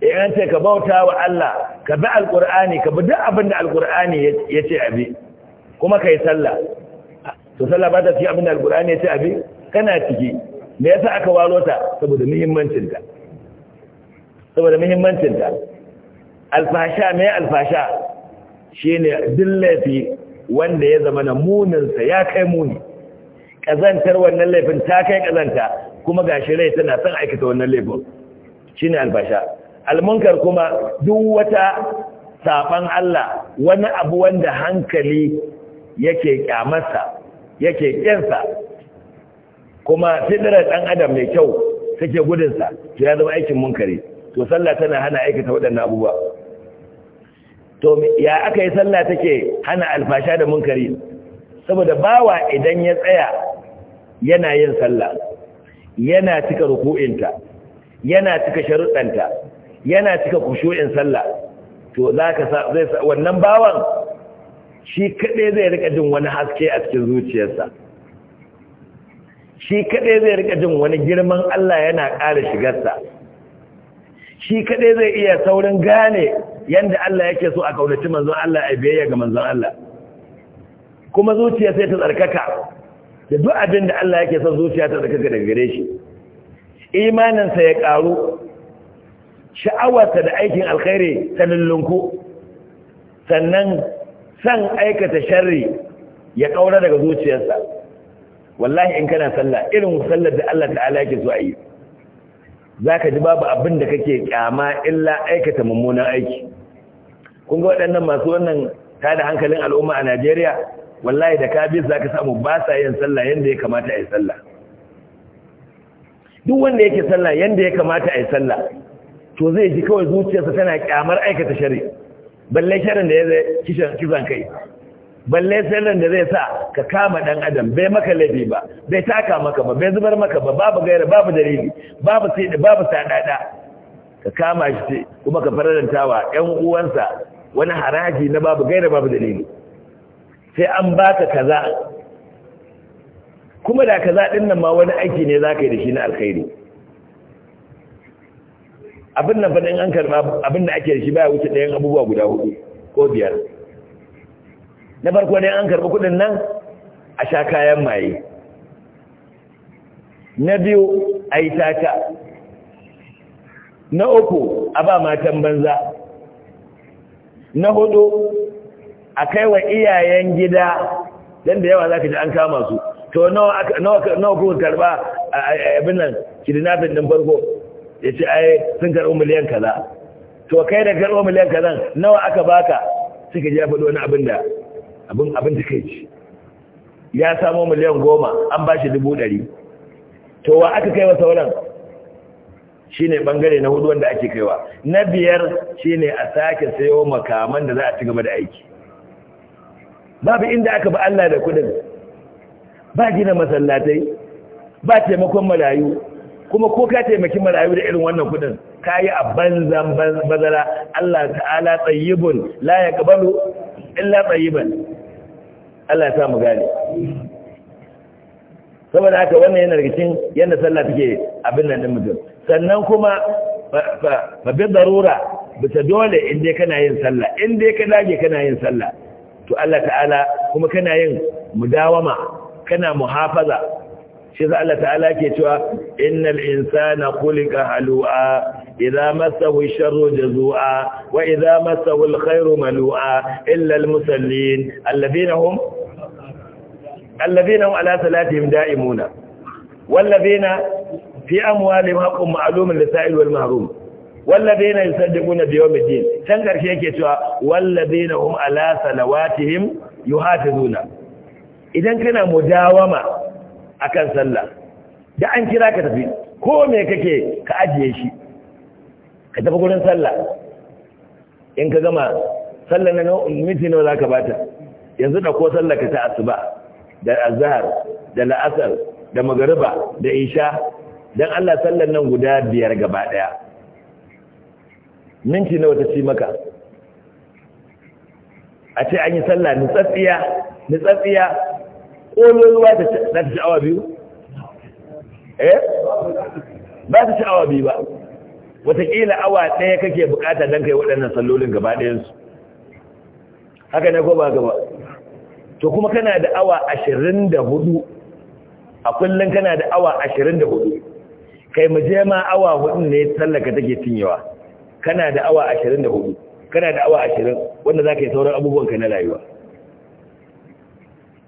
in ce ka bauta wa Allah ka bi alkur'ani ka bi duk abin da alkur'ani ya ce abi kuma ka yi sallah to sallah ba ta fi abin da alkur'ani ya ce abi kana ciki me yasa aka waro ta saboda muhimmancin ta saboda muhimmancin ta alfasha me alfasha shine dillafi wanda ya zama na munin sa ya kai muni kazantar wannan laifin ta kai kazanta kuma gashi rai tana son aikata wannan laifin shine alfasha almunkar kuma duk wata safan Allah wani abu wanda hankali yake kyamarsa yake kyansa kuma sidirar ɗan adam mai kyau take gudunsa to ya zama aikin munkari to sallah tana hana aikata waɗannan abubuwa to ya aka yi sallah take hana alfasha da munkari saboda bawa idan ya tsaya yana yin sallah yana cika ruku'inta yana cika sharuɗanta yana cika kushu'in sallah to zaka zai wannan bawan shi kaɗai zai rika jin wani haske a cikin zuciyarsa shi kaɗai zai rika jin wani girman Allah yana ƙara shigarsa shi kaɗai zai iya saurin gane yanda Allah yake so a kaunaci manzon Allah a biyayya ga manzon Allah kuma zuciya sai ta tsarkaka da duk abin da Allah yake son zuciya ta tsarkaka daga gare shi imaninsa ya ƙaru sha'awarsa da aikin alkhairi ta lullunku sannan san aikata sharri ya kaura daga zuciyarsa wallahi in kana sallah irin sallar da Allah ta'ala yake so ayi zaka ji babu abin da kake kyama illa aikata mummunan aiki kun ga waɗannan masu wannan tada hankalin al'umma a Najeriya wallahi da ka bi zaka samu ba sa yin sallah yanda ya kamata ayi sallah duk wanda yake sallah yanda ya kamata ayi sallah to zai ji kawai zuciyarsa tana kyamar aikata shari balle sharin da ya zai kisan kai balle sirrin da zai sa ka kama dan adam bai maka laifi ba bai taka maka ba bai zubar maka ba babu gaira babu dalili babu sai babu sadada ka kama shi kuma ka faradantawa ƴan uwansa wani haraji na babu gaira babu dalili sai an baka kaza kuma da kaza din nan ma wani aiki ne zaka yi da shi na alkhairi abin nan faɗin an karɓa abin da ake shi baya wuce ɗayan abubuwa guda hudu ko biyar na farko ne an karɓi kuɗin nan a sha kayan maye na biyu a yi taka na uku a ba matan banza na hudu a kai wa iyayen gida don da yawa za ka ji an kama su to nawa kuma karɓa abin nan kidnapping ɗin farko ya ce ai sun karɓi miliyan kaza to kai da karɓi miliyan kaza nawa aka baka suka ji ya faɗi wani abin da abin abin da kai ci ya samo miliyan goma an ba shi dubu ɗari to wa aka kai wa sauran shi ne ɓangare na hudu wanda ake kaiwa na biyar shi ne a sake sayo makaman da za a ci gaba da aiki babu inda aka ba Allah da kudin ba gina masallatai ba taimakon malayu kuma ko ka taimaki marayu da irin wannan kudin ka yi a banzan bazara Allah ta'ala tsayibun la ya kabalu illa tsayiban Allah ta mu gane saboda haka wannan yana rikicin yadda sallah take abin nan din mutum sannan kuma ba bi darura bisa dole in dai kana yin sallah in dai ka dage kana yin sallah to Allah ta'ala kuma kana yin mudawama kana muhafaza shi yasa Allah ta'ala ke cewa innal insana khuliqa halu'a idza massahu sharru jazua wa idza massahu alkhairu malu'a illa almusallin alladhina hum alladhina hum ala salatihim da'imuna walladhina fi amwalihim haqqun ma'lumun lisa'il wal mahrum والذين يصدقون بيوم الدين كان karshe yake cewa walladheena hum ala salawatihim yuhafizuna idan kana mudawama akan sallah da an kira ka tafi ko me kake ka ajiye shi ka tafi gurin sallah in ka gama sallah na minti za ka bata yanzu da ko sallah ka ta asuba da azhar da la'asar da magariba da isha dan Allah sallan nan guda biyar gaba daya minti nawa ta ci maka a ce an yi sallah nutsatsiya nutsatsiya ƙololuwa za ta sha'awa biyu? eh ba ta sha'awa biyu ba wataƙila awa ɗaya kake bukata don kai waɗannan sallolin gaba ɗayansu haka ne ko ba gaba to kuma kana da awa ashirin da hudu a kullum kana da awa ashirin da hudu kai mu je ma awa hudun ne tsallaka take cinyewa kana da awa ashirin da hudu kana da awa ashirin wanda za ka yi sauran abubuwanka na rayuwa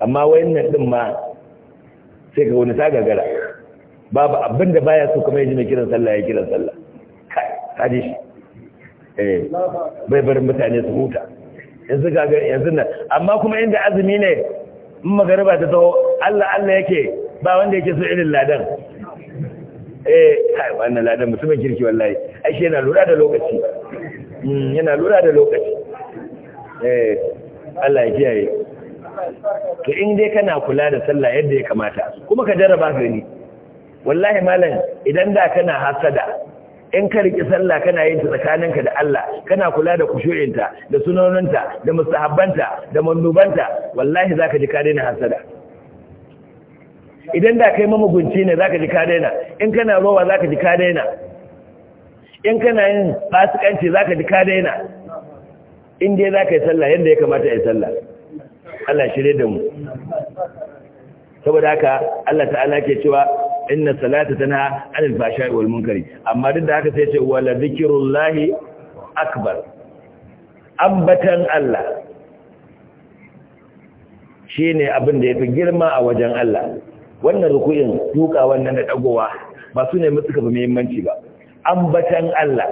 amma wayannan din ma sai ka wani sagagara babu abin da baya so kamar yaji mai kiran sallah ya kiran sallah kai shi eh bai barin mutane su huta yanzu ga yanzu nan amma kuma inda azumi ne in magariba ta taho Allah Allah yake ba wanda yake so irin ladan eh kai wannan ladan mutumin kirki wallahi ai shi yana lura da lokaci hmm, yana lura da lokaci eh Allah ya kiyaye to in dai kana kula da sallah yadda ya kamata kuma ka jarraba gani wallahi malam idan da kana hasada in ka riƙe sallah kana yin ta tsakaninka da Allah kana kula da kushu'inta da sunoninta da mustahabbanta da mandubanta wallahi zaka ji ka daina hasada idan da kai mamugunci ne zaka ji ka daina in kana rowa zaka ji ka daina in kana yin fasikanci zaka ji ka daina in dai zaka yi sallah yadda ya kamata ya yi sallah Allah shirye da mu saboda haka Allah ta'ala ke cewa inna salata tana anil fashai wal munkari amma duk da haka sai ce wala zikrullahi akbar ambatan Allah shine abin da yafi girma a wajen Allah wannan ruku'in duka wannan da dagowa ba su ne mutuka ba muhimmanci ba ambatan Allah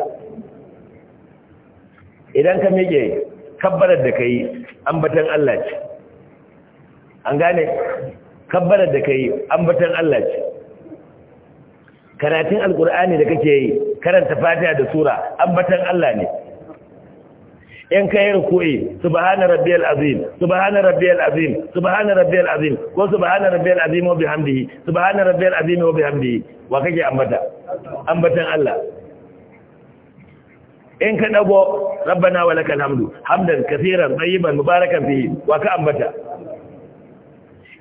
idan ka miƙe kabbarar da kai ambatan Allah ce an gane kabbarar da kai ambatan Allah ce karatun alkur'ani da kake yi karanta fatiha da sura ambatan Allah ne in kai ruku'i subhana rabbiyal azim subhana rabbiyal azim subhana rabbiyal azim ko subhana rabbiyal azim wa bihamdihi subhana rabbiyal azim wa bihamdihi wa kake ambata ambatan Allah in ka dago rabbana wa lakal hamdu hamdan kaseeran tayyiban mubarakan fihi wa ka ambata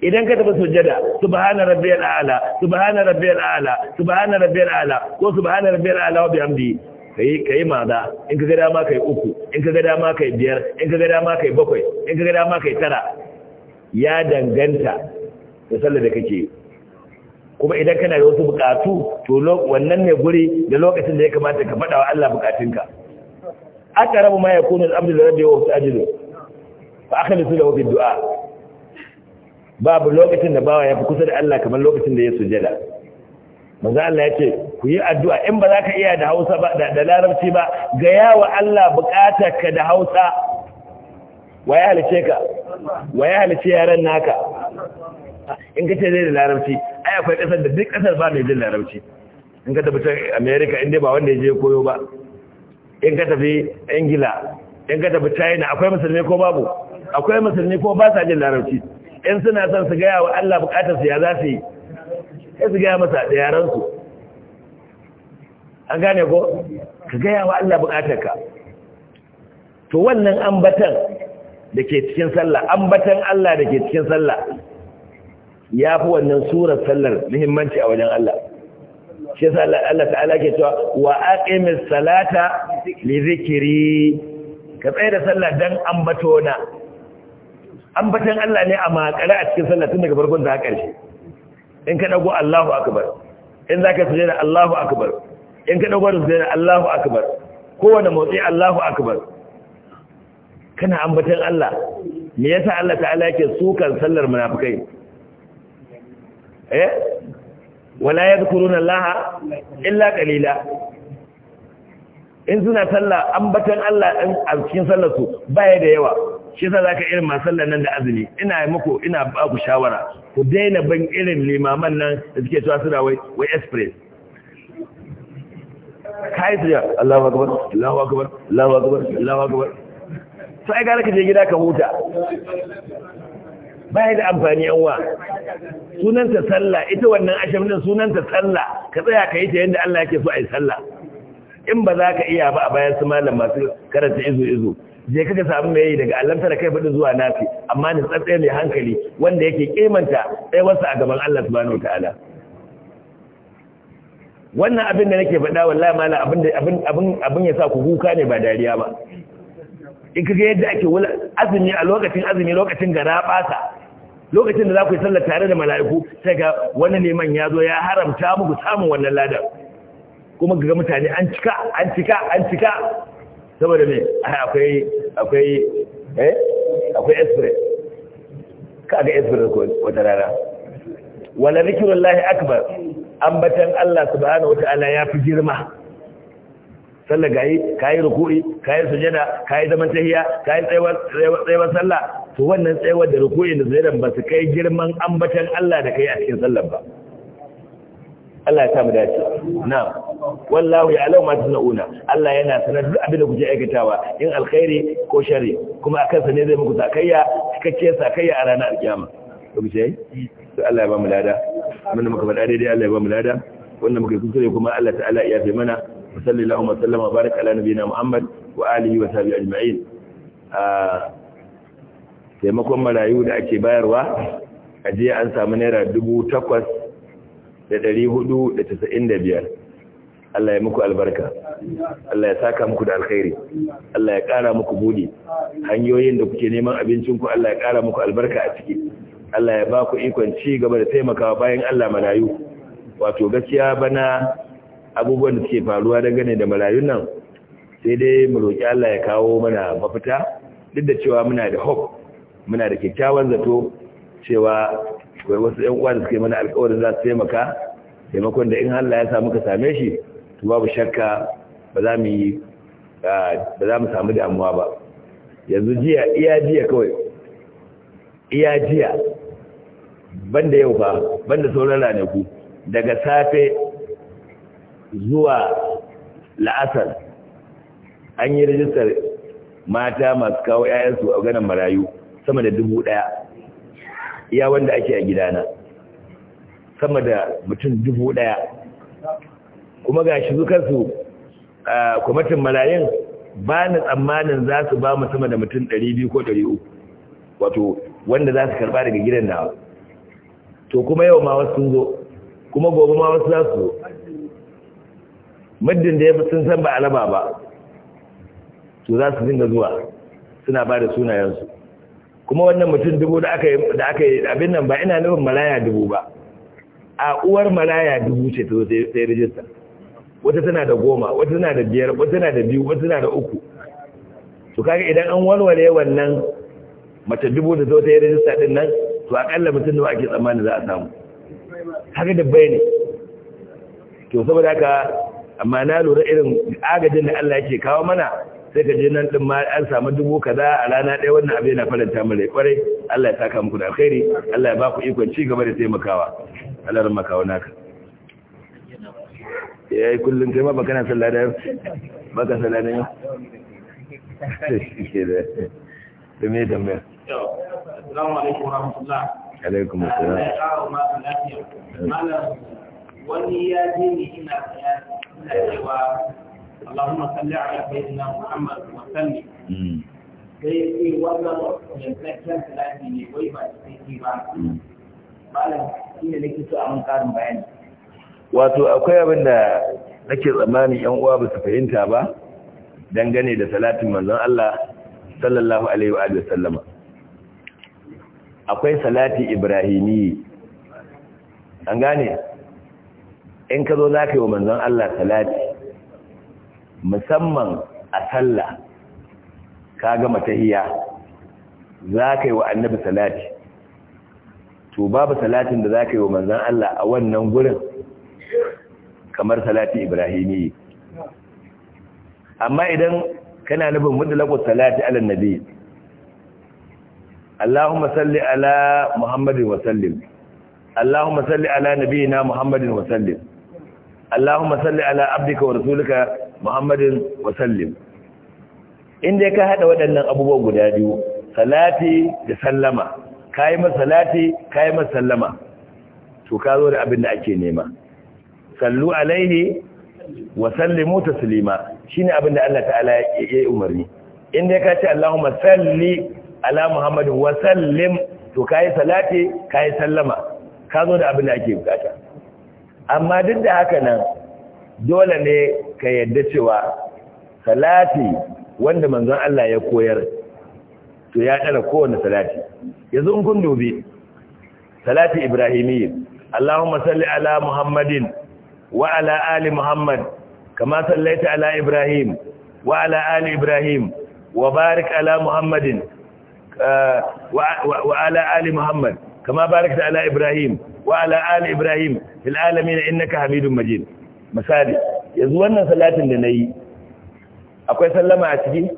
idan ka taba sujjada subhana rabbiyal a'la subhana rabbiyal a'la subhana rabbiyal a'la ko subhana rabbiyal a'la wa bihamdi kai kai maza in ka ga dama kai uku in ka ga dama kai biyar in ka ga dama kai bakwai in ka ga dama kai tara ya danganta da sallar da kake kuma idan kana da wasu bukatu to wannan ne guri da lokacin da ya kamata ka faɗa wa Allah bukatunka aka rabu ma yakunu al-abdu rabbi wa sa'dilu fa akhlisu lahu bid-du'a babu lokacin da bawa ya fi kusa da Allah kamar lokacin da ya sujada manzo Allah ya ce ku yi addu'a in ba za ka iya da Hausa ba da Larabci ba ga yawa Allah ka da Hausa waye halice ka waye halice yaran naka in ka ce zai da Larabci ai akwai kasar da duk kasar ba mai jin Larabci in ka tafi America inda ba wanda ya je koyo ba in ka tafi Ingila in ka tafi China akwai musulmi ko babu akwai musulmi ko ba sa jin Larabci in suna son su gaya wa Allah bukatarsu ya za su yi sai su gaya masa da yaransu an gane ko ka gaya wa Allah bukatarka to wannan ambatan da ke cikin sallah ambatan Allah da ke cikin sallah ya fi wannan surar sallar muhimmanci a wajen Allah shi sallar Allah ta'ala ke cewa wa aqimis salata li zikri ka tsaye da sallah dan ambatona ambatan Allah ne a makare a cikin sallah tun daga farkon da ƙarshe in ka dago Allahu akbar in zaka da Allahu akbar in ka dago da da Allahu akbar kowane motsi Allahu akbar kana ambatan Allah me yasa Allah ta'ala yake sukan sallar munafikai eh wala yadhkuruna Allah illa qalila in suna sallah batan Allah ɗin a cikin sallar su baya da yawa shi yasa zaka irin ma sallar nan da azumi ina muku ina ba ku shawara ku daina ban irin limaman nan da suke cewa suna wai wai express kai su ya Allahu akbar Allahu akbar Allahu akbar Allahu akbar sai ga ka je gida ka huta baya da amfani yan wa sunanta sallah ita wannan ashirin sunanta sallah ka tsaya ka yi ta yadda Allah yake so ai sallah in ba za ka iya ba a bayan su malam masu karanta izu izu je kaga samu mai daga alamta da kai fadi zuwa nafi amma ni tsatsa mai hankali wanda yake kimanta sai wasu a gaban Allah subhanahu wataala wannan abin da nake faɗa wallahi malam abin ya sa ku kuka ne ba dariya ba in kaga yadda ake azumi a lokacin azumi lokacin gara basa lokacin da za ku yi sallar tare da mala'iku sai ga wani neman ya zo ya haramta muku samun wannan ladar. kuma ga mutane an cika an cika an cika saboda me akwai akwai eh akwai ka ga express ko wata rana wala zikrullahi akbar ambatan Allah subhanahu wataala fi girma sallah gayi kai ruku'i kai sujada kai zaman tahiyya kai tsayawar tsayawar sallah to wannan tsayawar da ruku'i da sujadan ba su kai girman ambatan Allah da kai a cikin sallar ba Allah ya samu dace Na wallahu ya'lamu ma tasna'una Allah yana sanar duk abin da kuke aikatawa in alkhairi ko sharri kuma akan sa ne zai muku sakayya cikakken sakayya a ranar kiyama to bi sai to Allah ya ba mu lada mun muka faɗa daidai Allah ya ba mu lada wannan muka kuskure kuma Allah ta'ala ya fi mana wa sallallahu wa sallama wa baraka ala nabiyina Muhammad wa alihi wa sahbihi ajma'in ah, taimakon marayu da ake bayarwa a jiya an samu naira dubu takwas da ɗari hudu da tasa'in da biyar Allah ya muku albarka Allah ya saka muku da alkhairi Allah ya kara muku budi. hanyoyin da kuke neman abincinku Allah ya kara muku albarka a ciki Allah ya ba ku ikon ci gaba da taimakawa bayan Allah marayu wato gaskiya bana abubuwan da suke faruwa dangane da marayun nan sai dai mu roki Allah ya kawo mana mafita duk da cewa muna da hope muna da kyakkyawan zato cewa akwai wasu ƴan uwa da suke mana alƙawarin za su taimaka taimakon da in Allah ya sa muka same shi to babu shakka ba za mu ba za mu samu damuwa ba yanzu jiya iya jiya kawai iya jiya banda yau ba banda sauran ranaku daga safe zuwa la'asar an yi rajistar mata masu kawo 'ya'yansu a ganin marayu sama da dubu ɗaya iya wanda ake a gidana sama da mutum dubu ɗaya kuma ga shi zukansu a kwamitin marayun ba na tsammanin za su ba sama da mutum ɗari biyu ko ɗari uku wato wanda za su karɓa daga gidan nawa to kuma yau ma wasu sun zo kuma gobe ma wasu za su zo muddin da ya fi sun san ba alama ba to za su dinga zuwa suna ba da sunayensu kuma wannan mutum dubu da aka yi da aka yi abin nan ba ina nufin malaya dubu ba a uwar malaya dubu ce to sai rijista wata tana da goma wata tana da biyar wata tana da biyu wata tana da uku to kaga idan an warware wannan mace dubu da zo ta yi rijista din nan to akalla mutum da ake tsammani za a samu haka da bai ne to saboda haka amma na lura irin agajin da Allah yake kawo mana sai ka je nan din ma an samu dubu kaza a rana ɗaya wannan abin yana faranta mu rai kwarai Allah ya saka muku da alkhairi Allah ya ba ku ikon ci gaba da taimakawa Allah ya makawa naka yayi eh, kullun kai ma baka na sallah da baka sallah da yau da me da me assalamu alaikum warahmatullah alaikum assalam eh. wani ya ji ni ina ina cewa اللهم صل على سيدنا محمد وسلم sai wannan ne wai ba ba malam nake so karin bayani wato akwai abin da nake tsammanin yan uwa ba su fahimta ba dangane da salatin manzon Allah sallallahu alaihi wa sallama akwai salati ibrahimi an gane in ka zo za wa manzon Allah salati musamman a sallah ka gama tahiya za ka yi wa annabi salati to babu salatin da za ka yi wa manzan Allah a wannan gurin kamar salati ibrahimi amma idan kana nufin mutlaqus salati ala nabi Allahumma salli ala Muhammadin wa sallim Allahumma salli ala na Muhammadin wa sallim Allahumma salli ala abdika wa rasulika muhammadin wasallim inda ka haɗa waɗannan abubuwa guda biyu salati da sallama ka yi masalati ka yi masallama to ka zo da abin da ake nema sallu alaihi wa sallimu Shi ne abin da Allah ta'ala ya yi umarni inda ka ce Allahumma salli ala Muhammadin wa sallim to yi salati yi sallama ka zo da abin da ake bukata amma duk da haka nan dole ne ka yadda cewa salati wanda manzon Allah ya koyar to ya dara kowanne salati yanzu in kun dubi salati ibrahimiyyi Allahumma salli ala Muhammadin wa ala ali Muhammad kama sallaita ala Ibrahim wa ala ali Ibrahim wa barik ala Muhammadin uh, wa ala ali Muhammad kama barakta ala Ibrahim wa ala ali Ibrahim fil alamin innaka Hamidum Majid misali yanzu wannan salatin da na yi akwai sallama a ciki?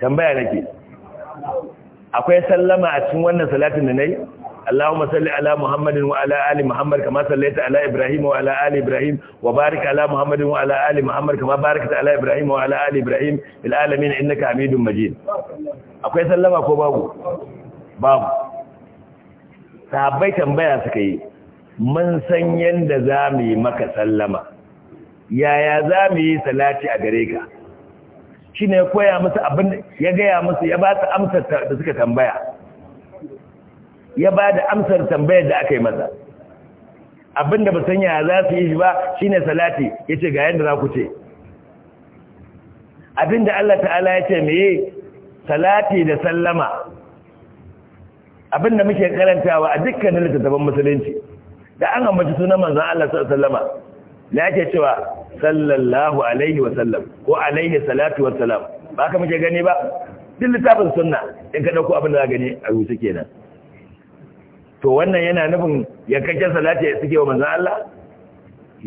tambaya nake akwai sallama a cikin wannan salatin da na yi? Allahumma salli ala Muhammadin wa ala ali Muhammad kama sallaita ala Ibrahim wa ala ali Ibrahim wa barik ala Muhammadin wa ala ali Muhammad kama barakta ala Ibrahim wa ala ali Ibrahim bil alamin innaka Hamidum Majid akwai sallama ko babu babu sahabbai tambaya suka yi mun san yadda za mu yi maka sallama yaya za mu yi salati a gare ka shi ne koya musu abin ya gaya musu ya ba su amsar da suka tambaya ya ba da amsar tambayar da aka yi masa abin da ba san yaya za su yi shi ba shi ne salati ya ce ga yadda za ku ce abin da Allah ta'ala ya ce meye salati da sallama abin da muke karantawa a dukkanin littattafan musulunci da an ambaci sunan manzo Allah sallallahu alaihi na yake cewa sallallahu alaihi wa ko alaihi salatu wa ba ka muke gani ba din littafin sunna in ka dauko abin da za gani a rubuce kenan to wannan yana nufin yankakken salati ya suke wa manzo Allah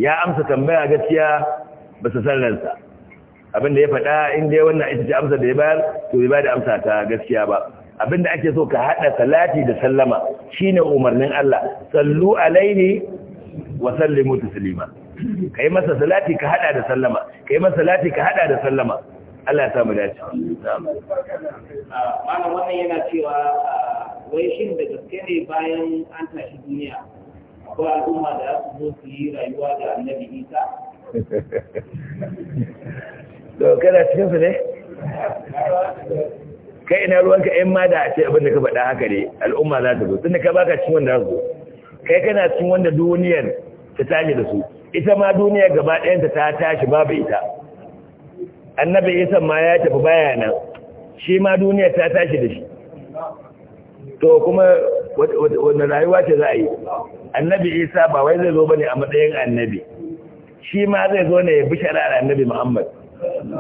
ya amsa tambaya gaskiya ba su san ransa abin da ya faɗa in dai wannan ita ce amsa da ya bayar to bai ba da amsa ta gaskiya ba abinda ake so ka hada salati da sallama shine umarnin Allah sallu alaihi wa sallimu taslima kai masa salati ka hada da sallama kai masa salati ka hada da sallama Allah ya samu dace ah, malam wannan yana cewa ah, wai shin da gaske ne bayan an tashi duniya ko al'umma da su zo su yi rayuwa da annabi Isa to kada cikin su ne kai ina ruwanka in ma da a ce abin da ka faɗa haka ne al'umma za ta zo tunda ka baka cikin wanda zo kai kana cikin wanda duniyar ta tashi da su ita ma duniyar gaba ɗayanta ta tashi babu ita annabi isa ma ya tafi baya nan shi ma duniyar ta tashi da shi to kuma wanda rayuwa ce za a yi annabi isa ba wai zai zo bane a matsayin annabi shi ma zai zo ne ya bi shari'ar annabi muhammad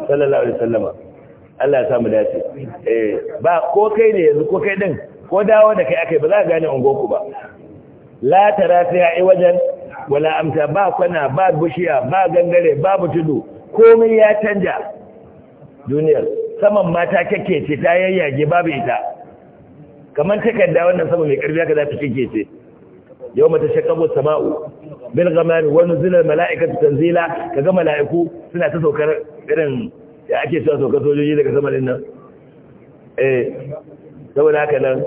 sallallahu alaihi wasallam Allah ya samu dace eh ba ko kai ne yanzu ko kai din ko dawo da kai akai ba za ka gane ungoku ba la tara fiha ai wajen wala amta ba kwana ba bushiya ba gangare ba tudu komai ya canja duniyar saman mata kake ce ta yayyage babu ita kamar takarda wannan sama mai karfi haka za ta kike ce yau mata shakabu sama'u bil ghamami wa nuzila malaikatu tanzila kaga malaiku suna ta saukar irin da ake cewa sauka sojoji daga sama din nan eh saboda haka nan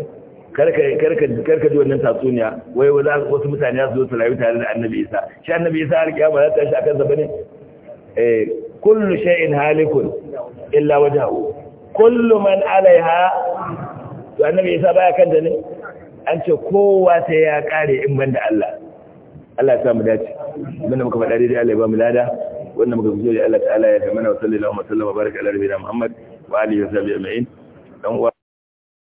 karka ji wannan tatsuniya wai wasu mutane ya su zo su rayu tare da annabi isa shi annabi isa har kiyama za ta shi akan sa ne? eh kullu shay'in halikun illa wajhahu kullu man alaiha to annabi isa baya kanta ne an ce kowa sai ya kare in banda Allah Allah ya samu dace mun muka faɗa daidai Allah ya ba mu lada wannan muka gujewa Allah ta'ala ya zama na wa sallallahu alaihi wa sallama baraka ala nabiyina Muhammad wa alihi wa sahbihi ajma'in dan uwa